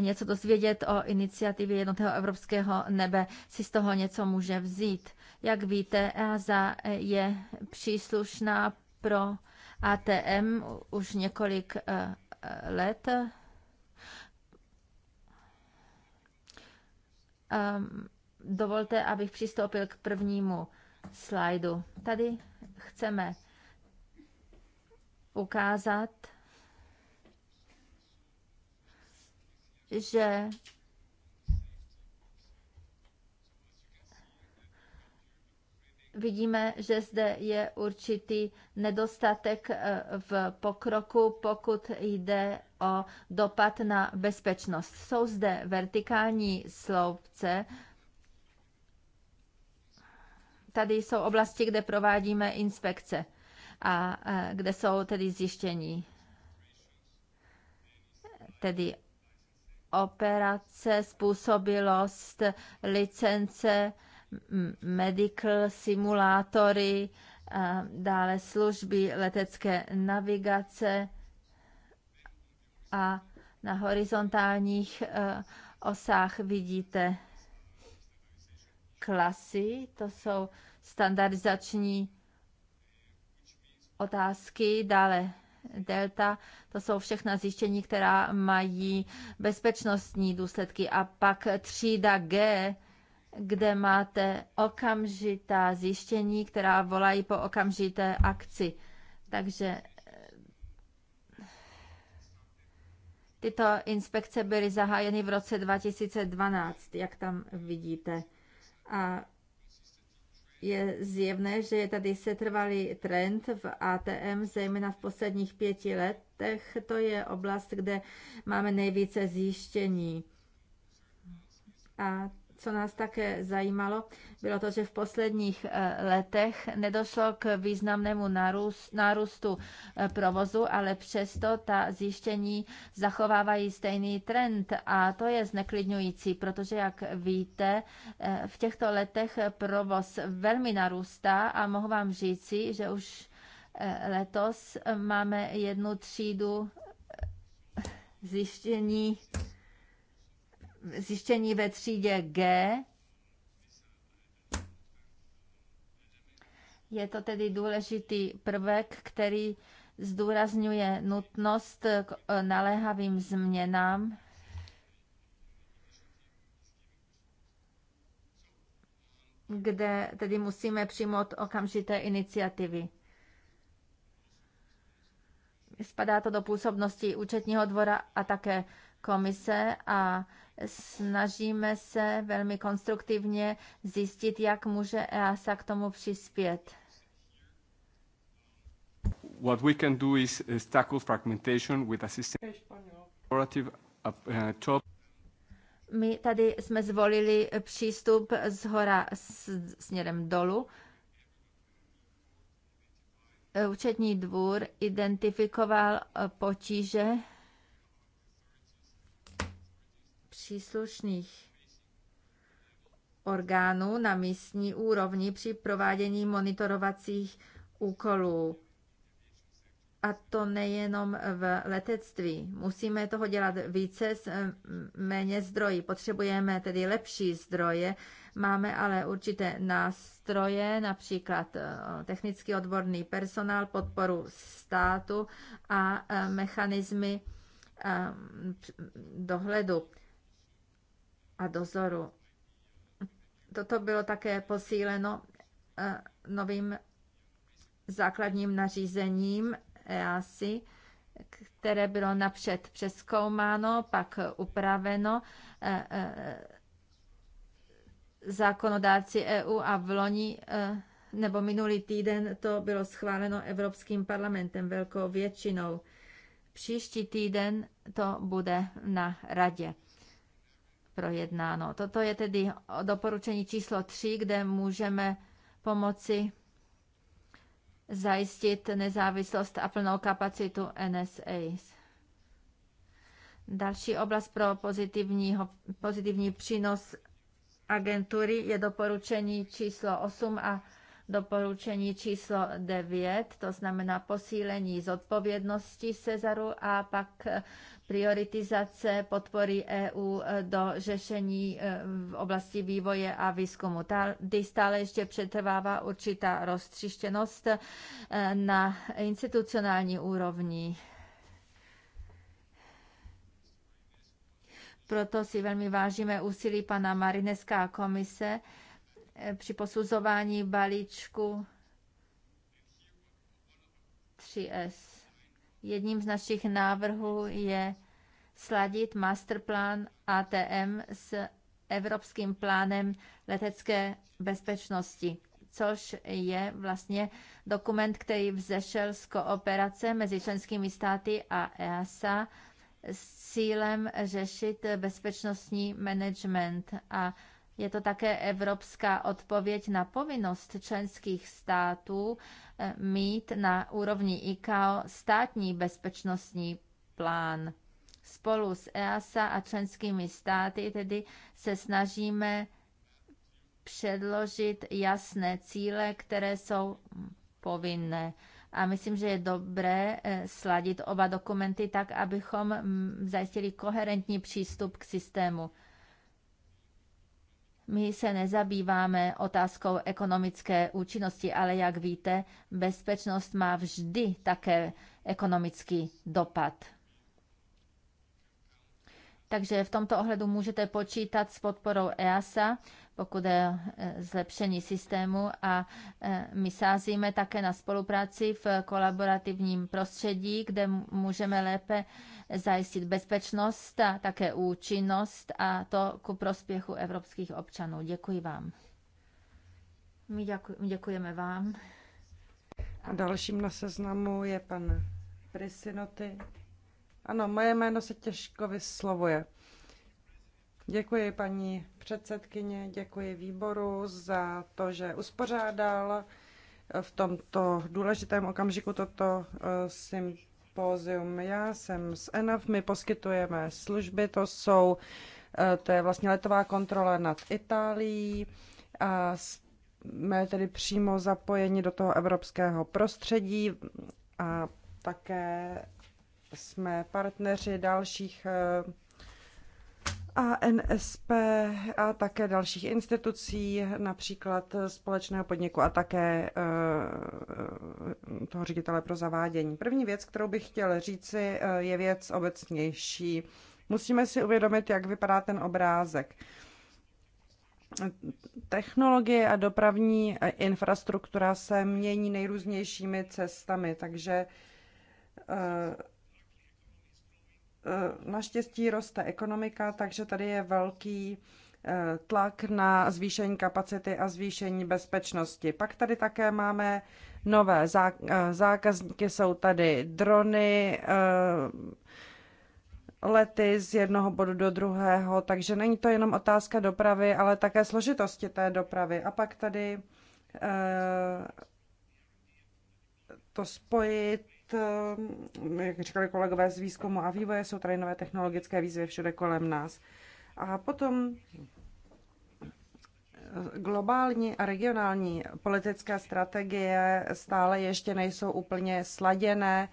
něco dozvědět o iniciativě jednotného evropského nebe, si z toho něco může vzít. Jak víte, EASA je příslušná pro ATM už několik eh, let. Ehm, dovolte, abych přistoupil k prvnímu slajdu. Tady chceme ukázat, že vidíme, že zde je určitý nedostatek eh, v pokroku, pokud jde o dopad na bezpečnost. Jsou zde vertikální sloupce. Tady jsou oblasti, kde provádíme inspekce a eh, kde jsou tedy zjištění. Tedy operace, způsobilost, licence, medical simulátory, dále služby letecké navigace a na horizontálních e, osách vidíte klasy, to jsou standardizační otázky, dále delta, to jsou všechna zjištění, která mají bezpečnostní důsledky. A pak třída G, kde máte okamžitá zjištění, která volají po okamžité akci. Takže eh, tyto inspekce byly zahájeny v roce 2012, jak tam vidíte. A je zjevné, že je tady setrvalý trend v ATM, zejména v posledních pěti letech. To je oblast, kde máme nejvíce zjištění. A co nás také zajímalo, bylo to, že v posledních eh, letech nedošlo k významnému nárůstu eh, provozu, ale přesto ta zjištění zachovávají stejný trend a to je zneklidňující, protože, jak víte, eh, v těchto letech provoz velmi narůstá a mohu vám říci, že už letos máme jednu třídu zjištění zjištění ve třídě G. Je to tedy důležitý prvek, který zdůrazňuje nutnost k e, naléhavým změnám kde tedy musíme přijmout okamžité iniciativy. Spadá to do působnosti účetního dvora a také komise a Snažíme se velmi konstruktivně zjistit, jak může EASA k tomu přispět. What we can do is, is tackle fragmentation with assistance system. Uh, my tady jsme zvolili přístup z hora směrem dolů. Účetní dvůr identifikoval uh, potíže příslušných orgánů na místní úrovni při provádění monitorovacích úkolů. A to nejenom v letectví. Musíme toho dělat více s méně zdroji. Potřebujeme tedy lepší zdroje. Máme ale určité nástroje, například e, technický odborný personál, podporu státu a e, mechanismy e, dohledu a dozoru. Toto bylo také posíleno eh, novým základním nařízením EASI, které bylo napřed přeskoumáno, pak upraveno eh, eh, zákonodáci EU a v loni nebo minulý týden to bylo schváleno Evropským parlamentem velkou většinou. Příští týden to bude na radě projednáno. Toto je tedy doporučení číslo 3, kde můžeme pomoci zajistit nezávislost a plnou kapacitu NSA. Další oblast pro pozitivního, pozitivní přínos agentury je doporučení číslo 8 a doporučení číslo 9, to znamená posílení zodpovědnosti Cezaru a pak eh, prioritizace podpory EU eh, do řešení eh, v oblasti vývoje a výzkumu. Tady stále ještě přetrvává určitá roztřištěnost na institucionální úrovni. Proto si velmi vážíme úsilí pana Marineská komise, Eh, při posuzování balíčku 3S. Jedním z našich návrhů je sladit masterplán ATM s Evropským plánem letecké bezpečnosti, což je vlastně dokument, který vzešel z kooperace mezi členskými státy a EASA s cílem řešit bezpečnostní management a je to také evropská odpověď na povinnost členských států eh, mít na úrovni ICAO státní bezpečnostní plán. Spolu s EASA a členskými státy tedy se snažíme předložit jasné cíle, které jsou povinné. A myslím, že je dobré eh, sladit oba dokumenty tak, abychom mm, zajistili koherentní přístup k systému. My se nezabýváme otázkou ekonomické účinnosti, ale jak víte, bezpečnost má vždy také ekonomický dopad. Takže v tomto ohledu můžete počítat s podporou EASA, pokud je e, zlepšení systému a e, my sázíme také na spolupráci v kolaborativním prostředí, kde můžeme lépe zajistit bezpečnost a také účinnost a to ku prospěchu evropských občanů. Děkuji vám. My, děkujeme vám. A dalším na seznamu je pan Presinoty. Ano, moje jméno se těžko vyslovuje. Děkuji paní předsedkyně, děkuji výboru za to, že uspořádal v tomto důležitém okamžiku toto eh, sympózium. Já jsem z ENAV, my poskytujeme služby, to jsou, eh, to je vlastně letová kontrola nad Itálií a jsme tedy přímo zapojeni do toho evropského prostředí a také jsme partneři dalších eh, ANSP a také dalších institucí, například společného podniku a také eh, toho ředitele pro zavádění. První věc, kterou bych chtěl říci, eh, je věc obecnější. Musíme si uvědomit, jak vypadá ten obrázek. Technologie a dopravní infrastruktura se mění nejrůznějšími cestami, takže Eh, naštěstí roste ekonomika, takže tady je velký eh, tlak na zvýšení kapacity a zvýšení bezpečnosti. Pak tady také máme nové eh, zákazníky, jsou tady drony, lety z jednoho bodu do druhého, takže není to jenom otázka dopravy, ale také složitosti té dopravy. A pak tady to spojit Hm, jak říkali kolegové z výzkumu a vývoje, jsou tady nové technologické výzvy všude kolem nás. A potom eh, globální a regionální politické strategie stále ještě nejsou úplně sladěné.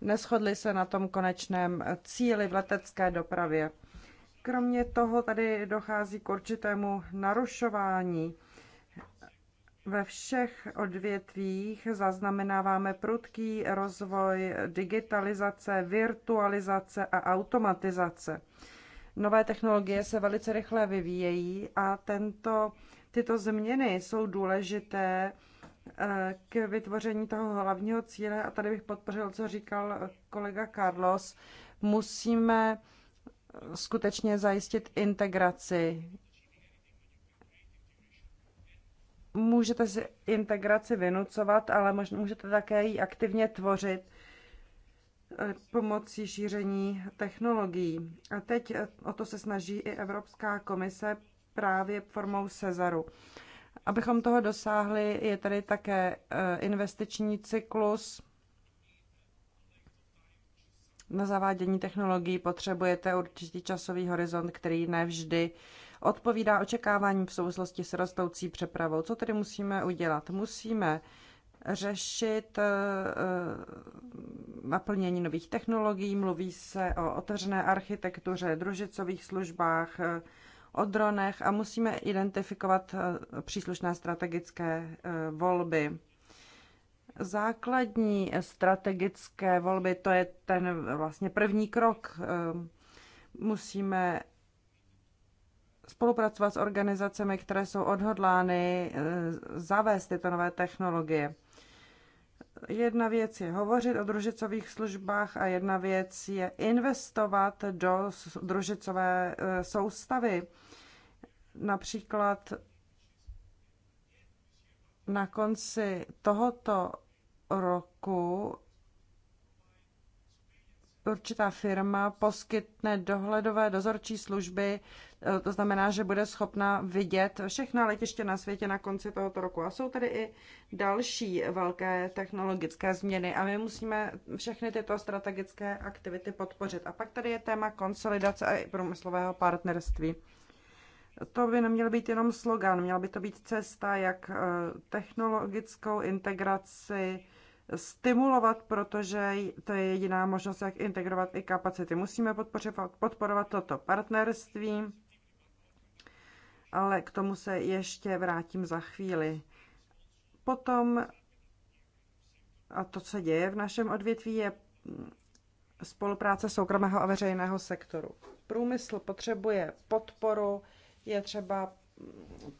neschodly se na tom konečném cíli v letecké dopravě. Kromě toho tady dochází k určitému narušování ve všech odvětvích zaznamenáváme prudký rozvoj digitalizace, virtualizace a automatizace. Nové technologie se velice rychle vyvíjejí a tento, tyto změny jsou důležité eh, k vytvoření toho hlavního cíle. A tady bych podpořil, co říkal kolega Carlos. Musíme skutečně zajistit integraci můžete si integraci vynucovat, ale možná můžete také ji aktivně tvořit eh, pomocí šíření technologií. A teď eh, o to se snaží i Evropská komise právě formou Cezaru. Abychom toho dosáhli, je tady také eh, investiční cyklus. Na zavádění technologií potřebujete určitý časový horizont, který nevždy vždy odpovídá očekávání v souvislosti s rostoucí přepravou. Co tedy musíme udělat? Musíme řešit eh, eh, naplnění nových technologií, mluví se o otevřené architektuře, družicových službách, eh, o dronech a musíme identifikovat příslušné strategické volby. Základní strategické volby, to je ten vlastně první krok. Musíme spolupracovat s organizacemi, které jsou odhodlány eh, zavést tyto nové technologie. Jedna věc je hovořit o družicových službách a jedna věc je investovat do družicové eh, soustavy. Například na konci tohoto roku určitá firma poskytne dohledové dozorčí služby, e, to znamená, že bude schopna vidět všechna letiště na světě na konci tohoto roku. A jsou tady i další velké technologické změny a my musíme všechny tyto strategické aktivity podpořit. A pak tady je téma konsolidace a průmyslového partnerství. To by neměl být jenom slogan, měla by to být cesta, jak e, technologickou integraci stimulovat, protože to je jediná možnost, jak integrovat i kapacity. Musíme podporovat, podporovat toto partnerství, ale k tomu se ještě vrátím za chvíli. Potom, a to, co děje v našem odvětví, je spolupráce soukromého a veřejného sektoru. Průmysl potřebuje podporu, je třeba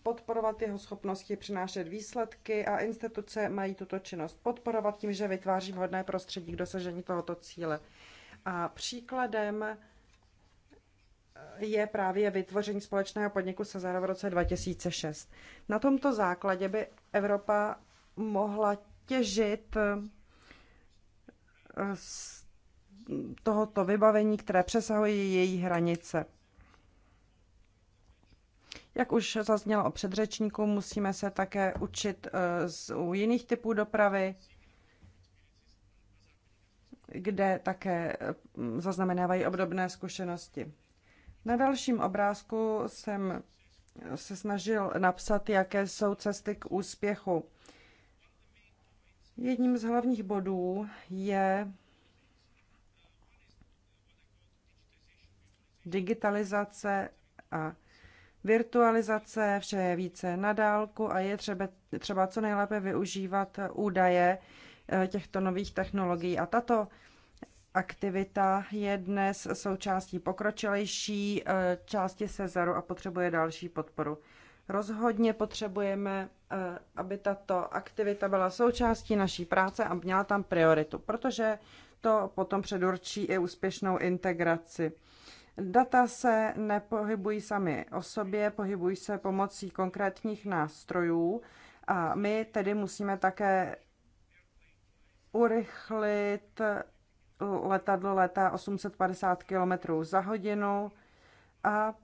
podporovat jeho schopnosti přinášet výsledky a instituce mají tuto činnost podporovat tím, že vytváří vhodné prostředí k dosažení tohoto cíle. A příkladem eh, je právě vytvoření společného podniku Sazara v roce 2006. Na tomto základě by Evropa mohla těžit eh, z tohoto vybavení, které přesahuje její hranice. Jak už zaznělo o předřečníku, musíme se také učit eh, z, u jiných typů dopravy, kde také hm, zaznamenávají obdobné zkušenosti. Na dalším obrázku jsem se snažil napsat, jaké jsou cesty k úspěchu. Jedním z hlavních bodů je digitalizace a virtualizace, vše je více na dálku a je třeba, třeba co nejlépe využívat údaje eh, těchto nových technologií. A tato aktivita je dnes součástí pokročilejší eh, části sezaru a potřebuje další podporu. Rozhodně potřebujeme, eh, aby tato aktivita byla součástí naší práce a měla tam prioritu, protože to potom předurčí i úspěšnou integraci. Data se nepohybují sami o sobě, pohybují se pomocí konkrétních nástrojů a my tedy musíme také urychlit letadlo letá 850 km za hodinu a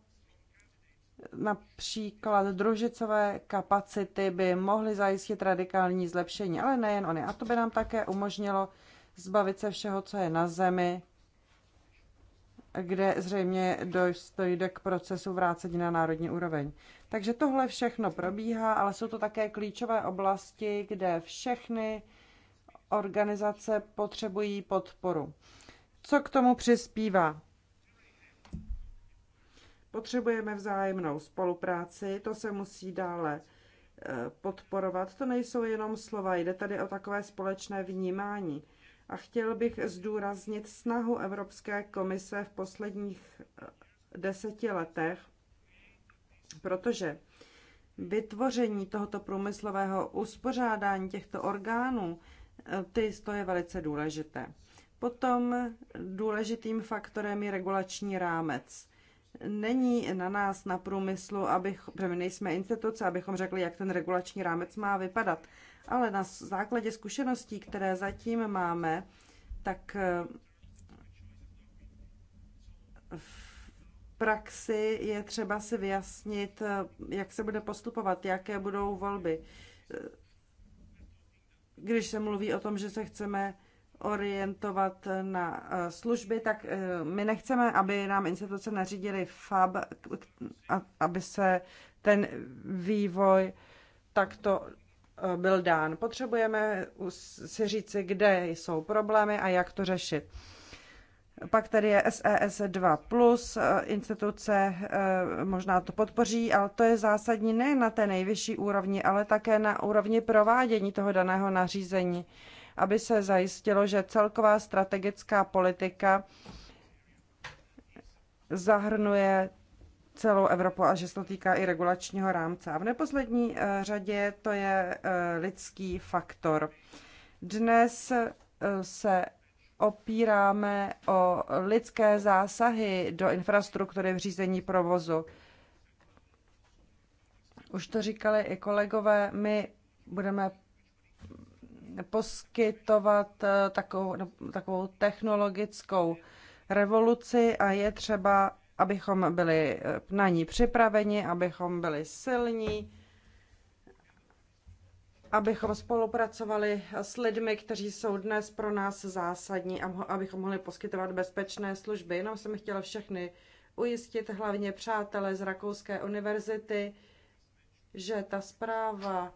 například družicové kapacity by mohly zajistit radikální zlepšení, ale nejen ony. A to by nám také umožnilo zbavit se všeho, co je na zemi kde zřejmě dojde k procesu vrácení na národní úroveň. Takže tohle všechno probíhá, ale jsou to také klíčové oblasti, kde všechny organizace potřebují podporu. Co k tomu přispívá? Potřebujeme vzájemnou spolupráci, to se musí dále eh, podporovat. To nejsou jenom slova, jde tady o takové společné vnímání. A chtěl bych zdůraznit snahu Evropské komise v posledních eh, deseti letech, protože vytvoření tohoto průmyslového uspořádání těchto orgánů, eh, ty to je velice důležité. Potom důležitým faktorem je regulační rámec. Není na nás, na průmyslu, abych, protože my nejsme instituce, abychom řekli, jak ten regulační rámec má vypadat ale na základě zkušeností, které zatím máme, tak eh, v praxi je třeba si vyjasnit, eh, jak se bude postupovat, jaké budou volby. Eh, když se mluví o tom, že se chceme orientovat na služby, tak my nechceme, aby nám instituce nařídily FAB, aby se ten vývoj takto Eh, byl dán. Potřebujeme si říci, kde jsou problémy a jak to řešit. Pak tady je SES 2+, e eh, instituce eh, možná to podpoří, ale to je zásadní ne na té nejvyšší úrovni, ale také na úrovni provádění toho daného nařízení, aby se zajistilo, že celková strategická politika zahrnuje celou Evropu a že se to týká i regulačního rámce. A v neposlední eh, řadě to je eh, lidský faktor. Dnes eh, se opíráme o lidské zásahy do infrastruktury v řízení provozu. Už to říkali i kolegové, my budeme poskytovat takovou, no, takovou technologickou revoluci a je třeba abychom byli eh, na ní připraveni, abychom byli silní, abychom spolupracovali s lidmi, kteří jsou dnes pro nás zásadní abychom mohli poskytovat bezpečné služby. Jenom jsem chtěla všechny ujistit, hlavně přátelé z Rakouské univerzity, že ta zpráva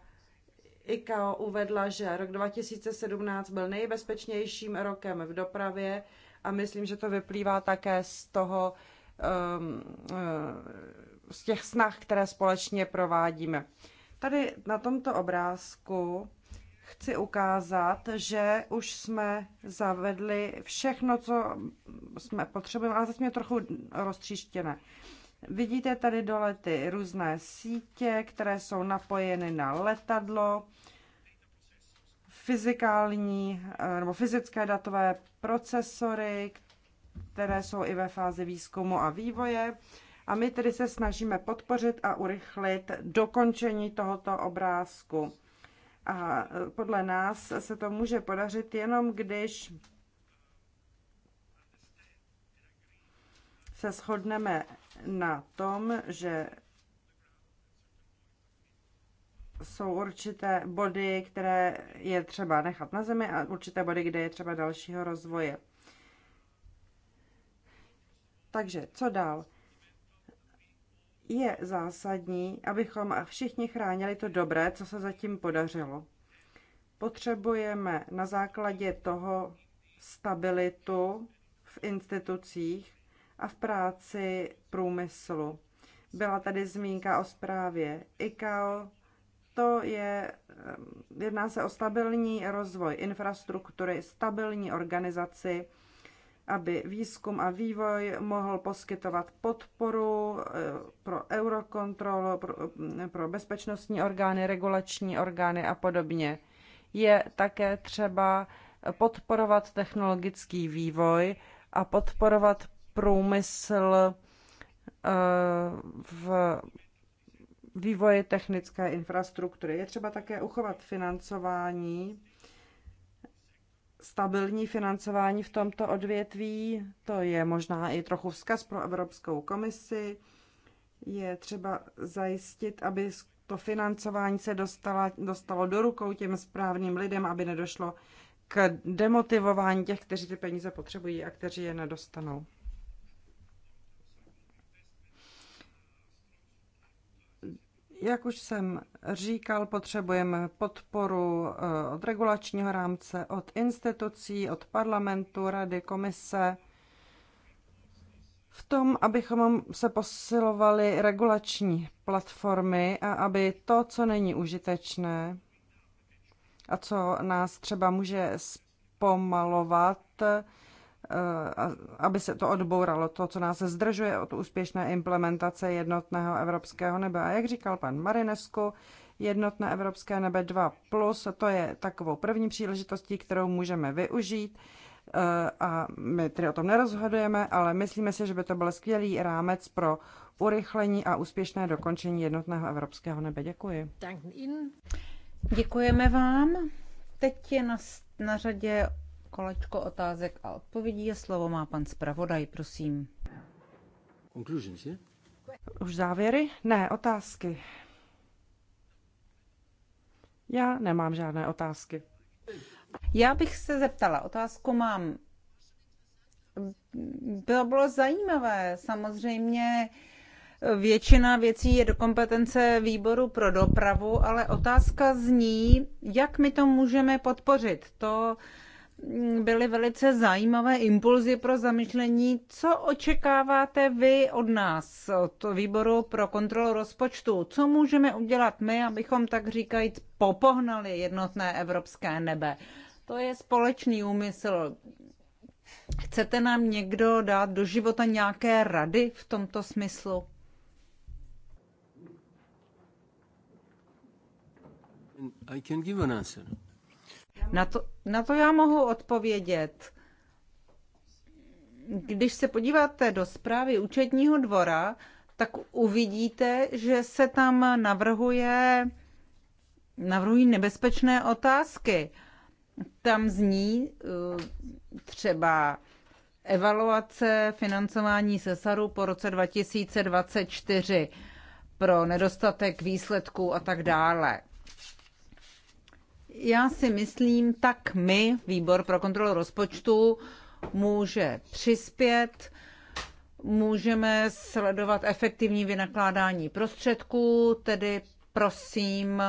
ICAO uvedla, že rok 2017 byl nejbezpečnějším rokem v dopravě a myslím, že to vyplývá také z toho, Um, uh, z těch snah, které společně provádíme. Tady na tomto obrázku chci ukázat, že už jsme zavedli všechno, co jsme potřebujeme, ale zatím je trochu roztříštěné. Vidíte tady dole ty různé sítě, které jsou napojeny na letadlo, fyzikální eh, nebo fyzické datové procesory, které jsou i ve fázi výzkumu a vývoje. A my tedy se snažíme podpořit a urychlit dokončení tohoto obrázku. A e, podle nás se to může podařit jenom, když se shodneme na tom, že jsou určité body, které je třeba nechat na zemi a určité body, kde je třeba dalšího rozvoje. Takže co dál? Je zásadní, abychom a všichni chránili to dobré, co se zatím podařilo. Potřebujeme na základě toho stabilitu v institucích a v práci průmyslu. Byla tady zmínka o zprávě ICAO. To je, eh, jedná se o stabilní rozvoj infrastruktury, stabilní organizaci, aby výzkum a vývoj mohl poskytovat podporu eh, pro Eurocontrol, mm, pro bezpečnostní orgány, regulační orgány a podobně. Je také třeba podporovat technologický vývoj a podporovat průmysl eh, v vývoji technické infrastruktury. Je třeba také uchovat financování stabilní financování v tomto odvětví. To je možná i trochu vzkaz pro Evropskou komisi. Je třeba zajistit, aby to financování se dostala, dostalo do rukou těm správným lidem, aby nedošlo k demotivování těch, kteří ty peníze potřebují a kteří je nedostanou. Jak už jsem říkal, potřebujeme podporu eh, od regulačního rámce, od institucí, od parlamentu, rady, komise, v tom, abychom se posilovali regulační platformy a aby to, co není užitečné a co nás třeba může zpomalovat, Eh, aby se to odbouralo, to, co nás zdržuje od úspěšné implementace jednotného evropského nebe. A jak říkal pan Marinesku, jednotné evropské nebe 2+, plus, to je takovou první příležitostí, kterou můžeme využít eh, a my tedy o tom nerozhodujeme, ale myslíme si, že by to byl skvělý rámec pro urychlení a úspěšné dokončení jednotného evropského nebe. Děkuji. Děkujeme vám. Teď je na, na řadě kolečko otázek a odpovědí. Slovo má pan zpravodaj, prosím. Conclusions, je? Už závěry? Ne, otázky. Já nemám žádné otázky. Já bych se zeptala, otázku mám. Bylo, bylo zajímavé, samozřejmě většina věcí je do kompetence výboru pro dopravu, ale otázka zní, jak my to můžeme podpořit. To byly velice zajímavé impulzy pro zamyšlení. Co očekáváte vy od nás, od výboru pro kontrolu rozpočtu? Co můžeme udělat my, abychom tak říkajíc popohnali jednotné evropské nebe? To je společný úmysl. Chcete nám někdo dát do života nějaké rady v tomto smyslu? I can give an answer. Na to, na to já mohu odpovědět. Když se podíváte do zprávy účetního dvora, tak uvidíte, že se tam navrhuje, navrhují nebezpečné otázky. Tam zní uh, třeba evaluace financování sesaru po roce 2024 pro nedostatek výsledků a tak dále. Já si myslím, tak my, Výbor pro kontrolu rozpočtu, může přispět, můžeme sledovat efektivní vynakládání prostředků, tedy prosím,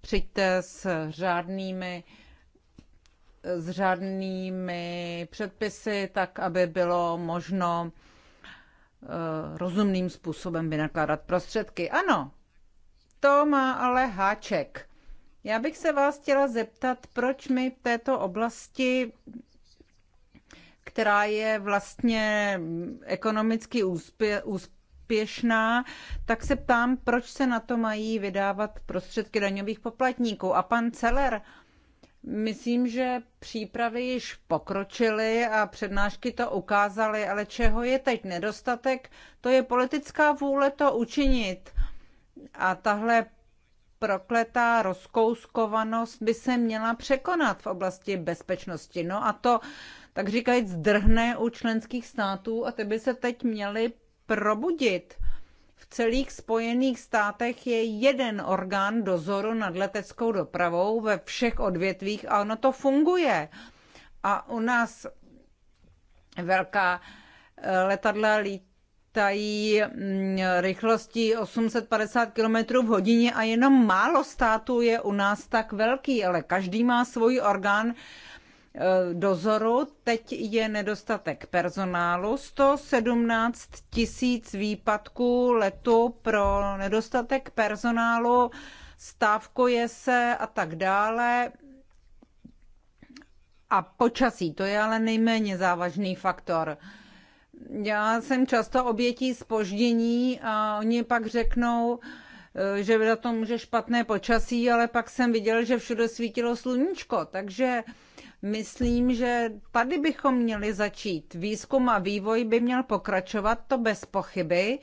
přijďte s řádnými s řádnými předpisy, tak aby bylo možno eh, rozumným způsobem vynakládat prostředky. Ano, to má ale háček. Já bych se vás chtěla zeptat, proč my v této oblasti, která je vlastně ekonomicky úspě, úspěšná, tak se ptám, proč se na to mají vydávat prostředky daňových poplatníků. A pan Celer, myslím, že přípravy již pokročily a přednášky to ukázaly, ale čeho je teď nedostatek, to je politická vůle to učinit. A tahle prokletá rozkouskovanost by se měla překonat v oblasti bezpečnosti. No a to, tak říkajíc, zdrhne u členských států a ty by se teď měly probudit. V celých Spojených státech je jeden orgán dozoru nad leteckou dopravou ve všech odvětvích a ono to funguje. A u nás velká eh, letadla lít létají mm, rychlostí 850 km v hodině a jenom málo států je u nás tak velký, ale každý má svůj orgán eh, dozoru. Teď je nedostatek personálu, 117 tisíc výpadků letu pro nedostatek personálu, stávkuje se a tak dále. A počasí, to je ale nejméně závažný faktor. Já jsem často obětí spoždění a oni pak řeknou, eh, že za to může špatné počasí, ale pak jsem viděl, že všude svítilo sluníčko. Takže myslím, že tady bychom měli začít. Výzkum a vývoj by měl pokračovat, to bez pochyby,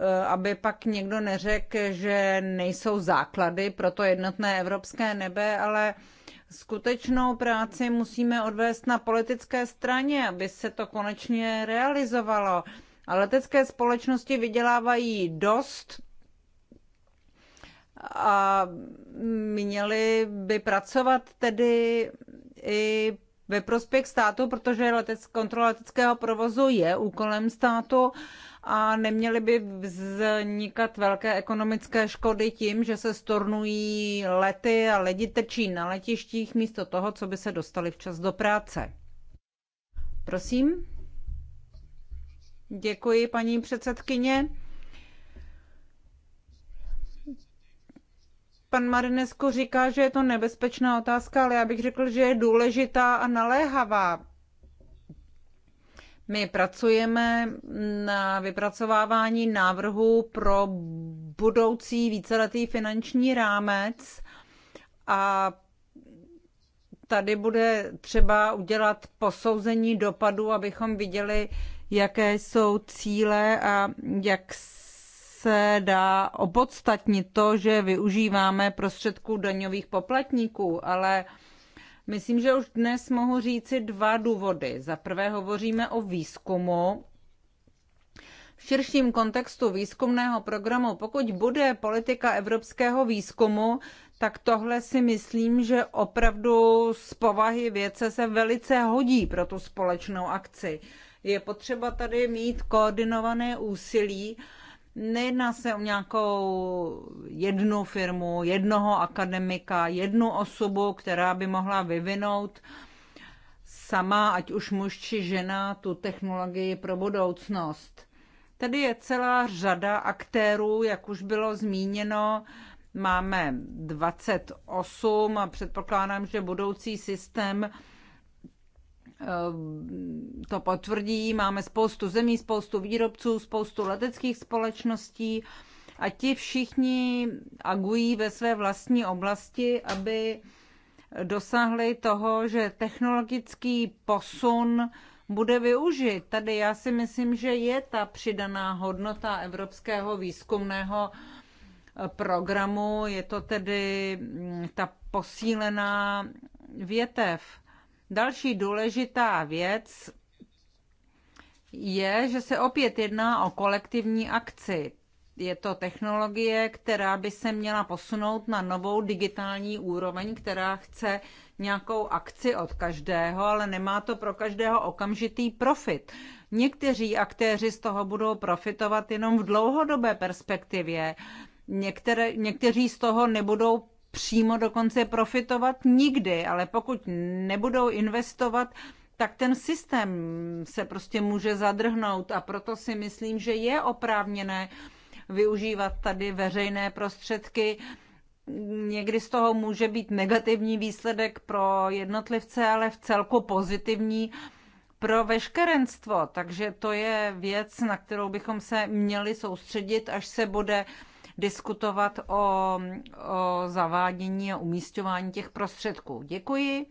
eh, aby pak někdo neřekl, že nejsou základy pro to jednotné evropské nebe, ale Skutečnou práci musíme odvést na politické straně, aby se to konečně realizovalo. A letecké společnosti vydělávají dost a měli by pracovat tedy i ve prospěch státu, protože letec, kontrola leteckého provozu je úkolem státu a neměly by vznikat velké ekonomické škody tím, že se stornují lety a lidi tečí na letištích místo toho, co by se dostali včas do práce. Prosím. Děkuji, paní předsedkyně. Pan Marinesko říká, že je to nebezpečná otázka, ale já bych řekl, že je důležitá a naléhavá my pracujeme na vypracovávání návrhu pro budoucí víceletý finanční rámec a tady bude třeba udělat posouzení dopadu, abychom viděli, jaké jsou cíle a jak se dá opodstatnit to, že využíváme prostředků daňových poplatníků, ale Myslím, že už dnes mohu říci dva důvody. Za prvé hovoříme o výzkumu. V širším kontextu výzkumného programu, pokud bude politika evropského výzkumu, tak tohle si myslím, že opravdu z povahy věce se velice hodí pro tu společnou akci. Je potřeba tady mít koordinované úsilí Nejedná se o nějakou jednu firmu, jednoho akademika, jednu osobu, která by mohla vyvinout sama, ať už muž či žena, tu technologii pro budoucnost. Tady je celá řada aktérů, jak už bylo zmíněno, máme 28 a předpokládám, že budoucí systém Ehm, to potvrdí. Máme spoustu zemí, spoustu výrobců, spoustu leteckých společností a ti všichni agují ve své vlastní oblasti, aby dosáhli toho, že technologický posun bude využit. Tady já si myslím, že je ta přidaná hodnota evropského výzkumného programu, je to tedy mm, ta posílená větev. Další důležitá věc je, že se opět jedná o kolektivní akci. Je to technologie, která by se měla posunout na novou digitální úroveň, která chce nějakou akci od každého, ale nemá to pro každého okamžitý profit. Někteří aktéři z toho budou profitovat jenom v dlouhodobé perspektivě. Některé, někteří z toho nebudou přímo dokonce profitovat nikdy, ale pokud nebudou investovat, tak ten systém se prostě může zadrhnout a proto si myslím, že je oprávněné využívat tady veřejné prostředky. Někdy z toho může být negativní výsledek pro jednotlivce, ale v celku pozitivní pro veškerenstvo. Takže to je věc, na kterou bychom se měli soustředit, až se bude diskutovat o, o zavádění a umístování těch prostředků. Děkuji.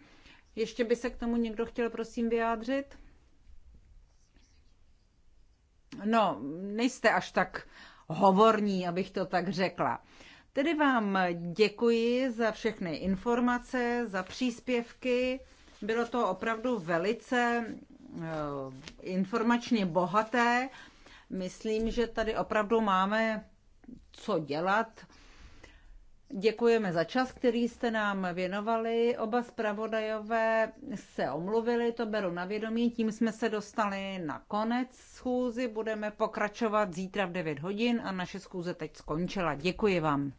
Ještě by se k tomu někdo chtěl, prosím, vyjádřit? No, nejste až tak hovorní, abych to tak řekla. Tedy vám děkuji za všechny informace, za příspěvky. Bylo to opravdu velice eh, informačně bohaté. Myslím, že tady opravdu máme co dělat. Děkujeme za čas, který jste nám věnovali. Oba zpravodajové se omluvili, to beru na vědomí. Tím jsme se dostali na konec schůzy. Budeme pokračovat zítra v 9 hodin a naše schůze teď skončila. Děkuji vám.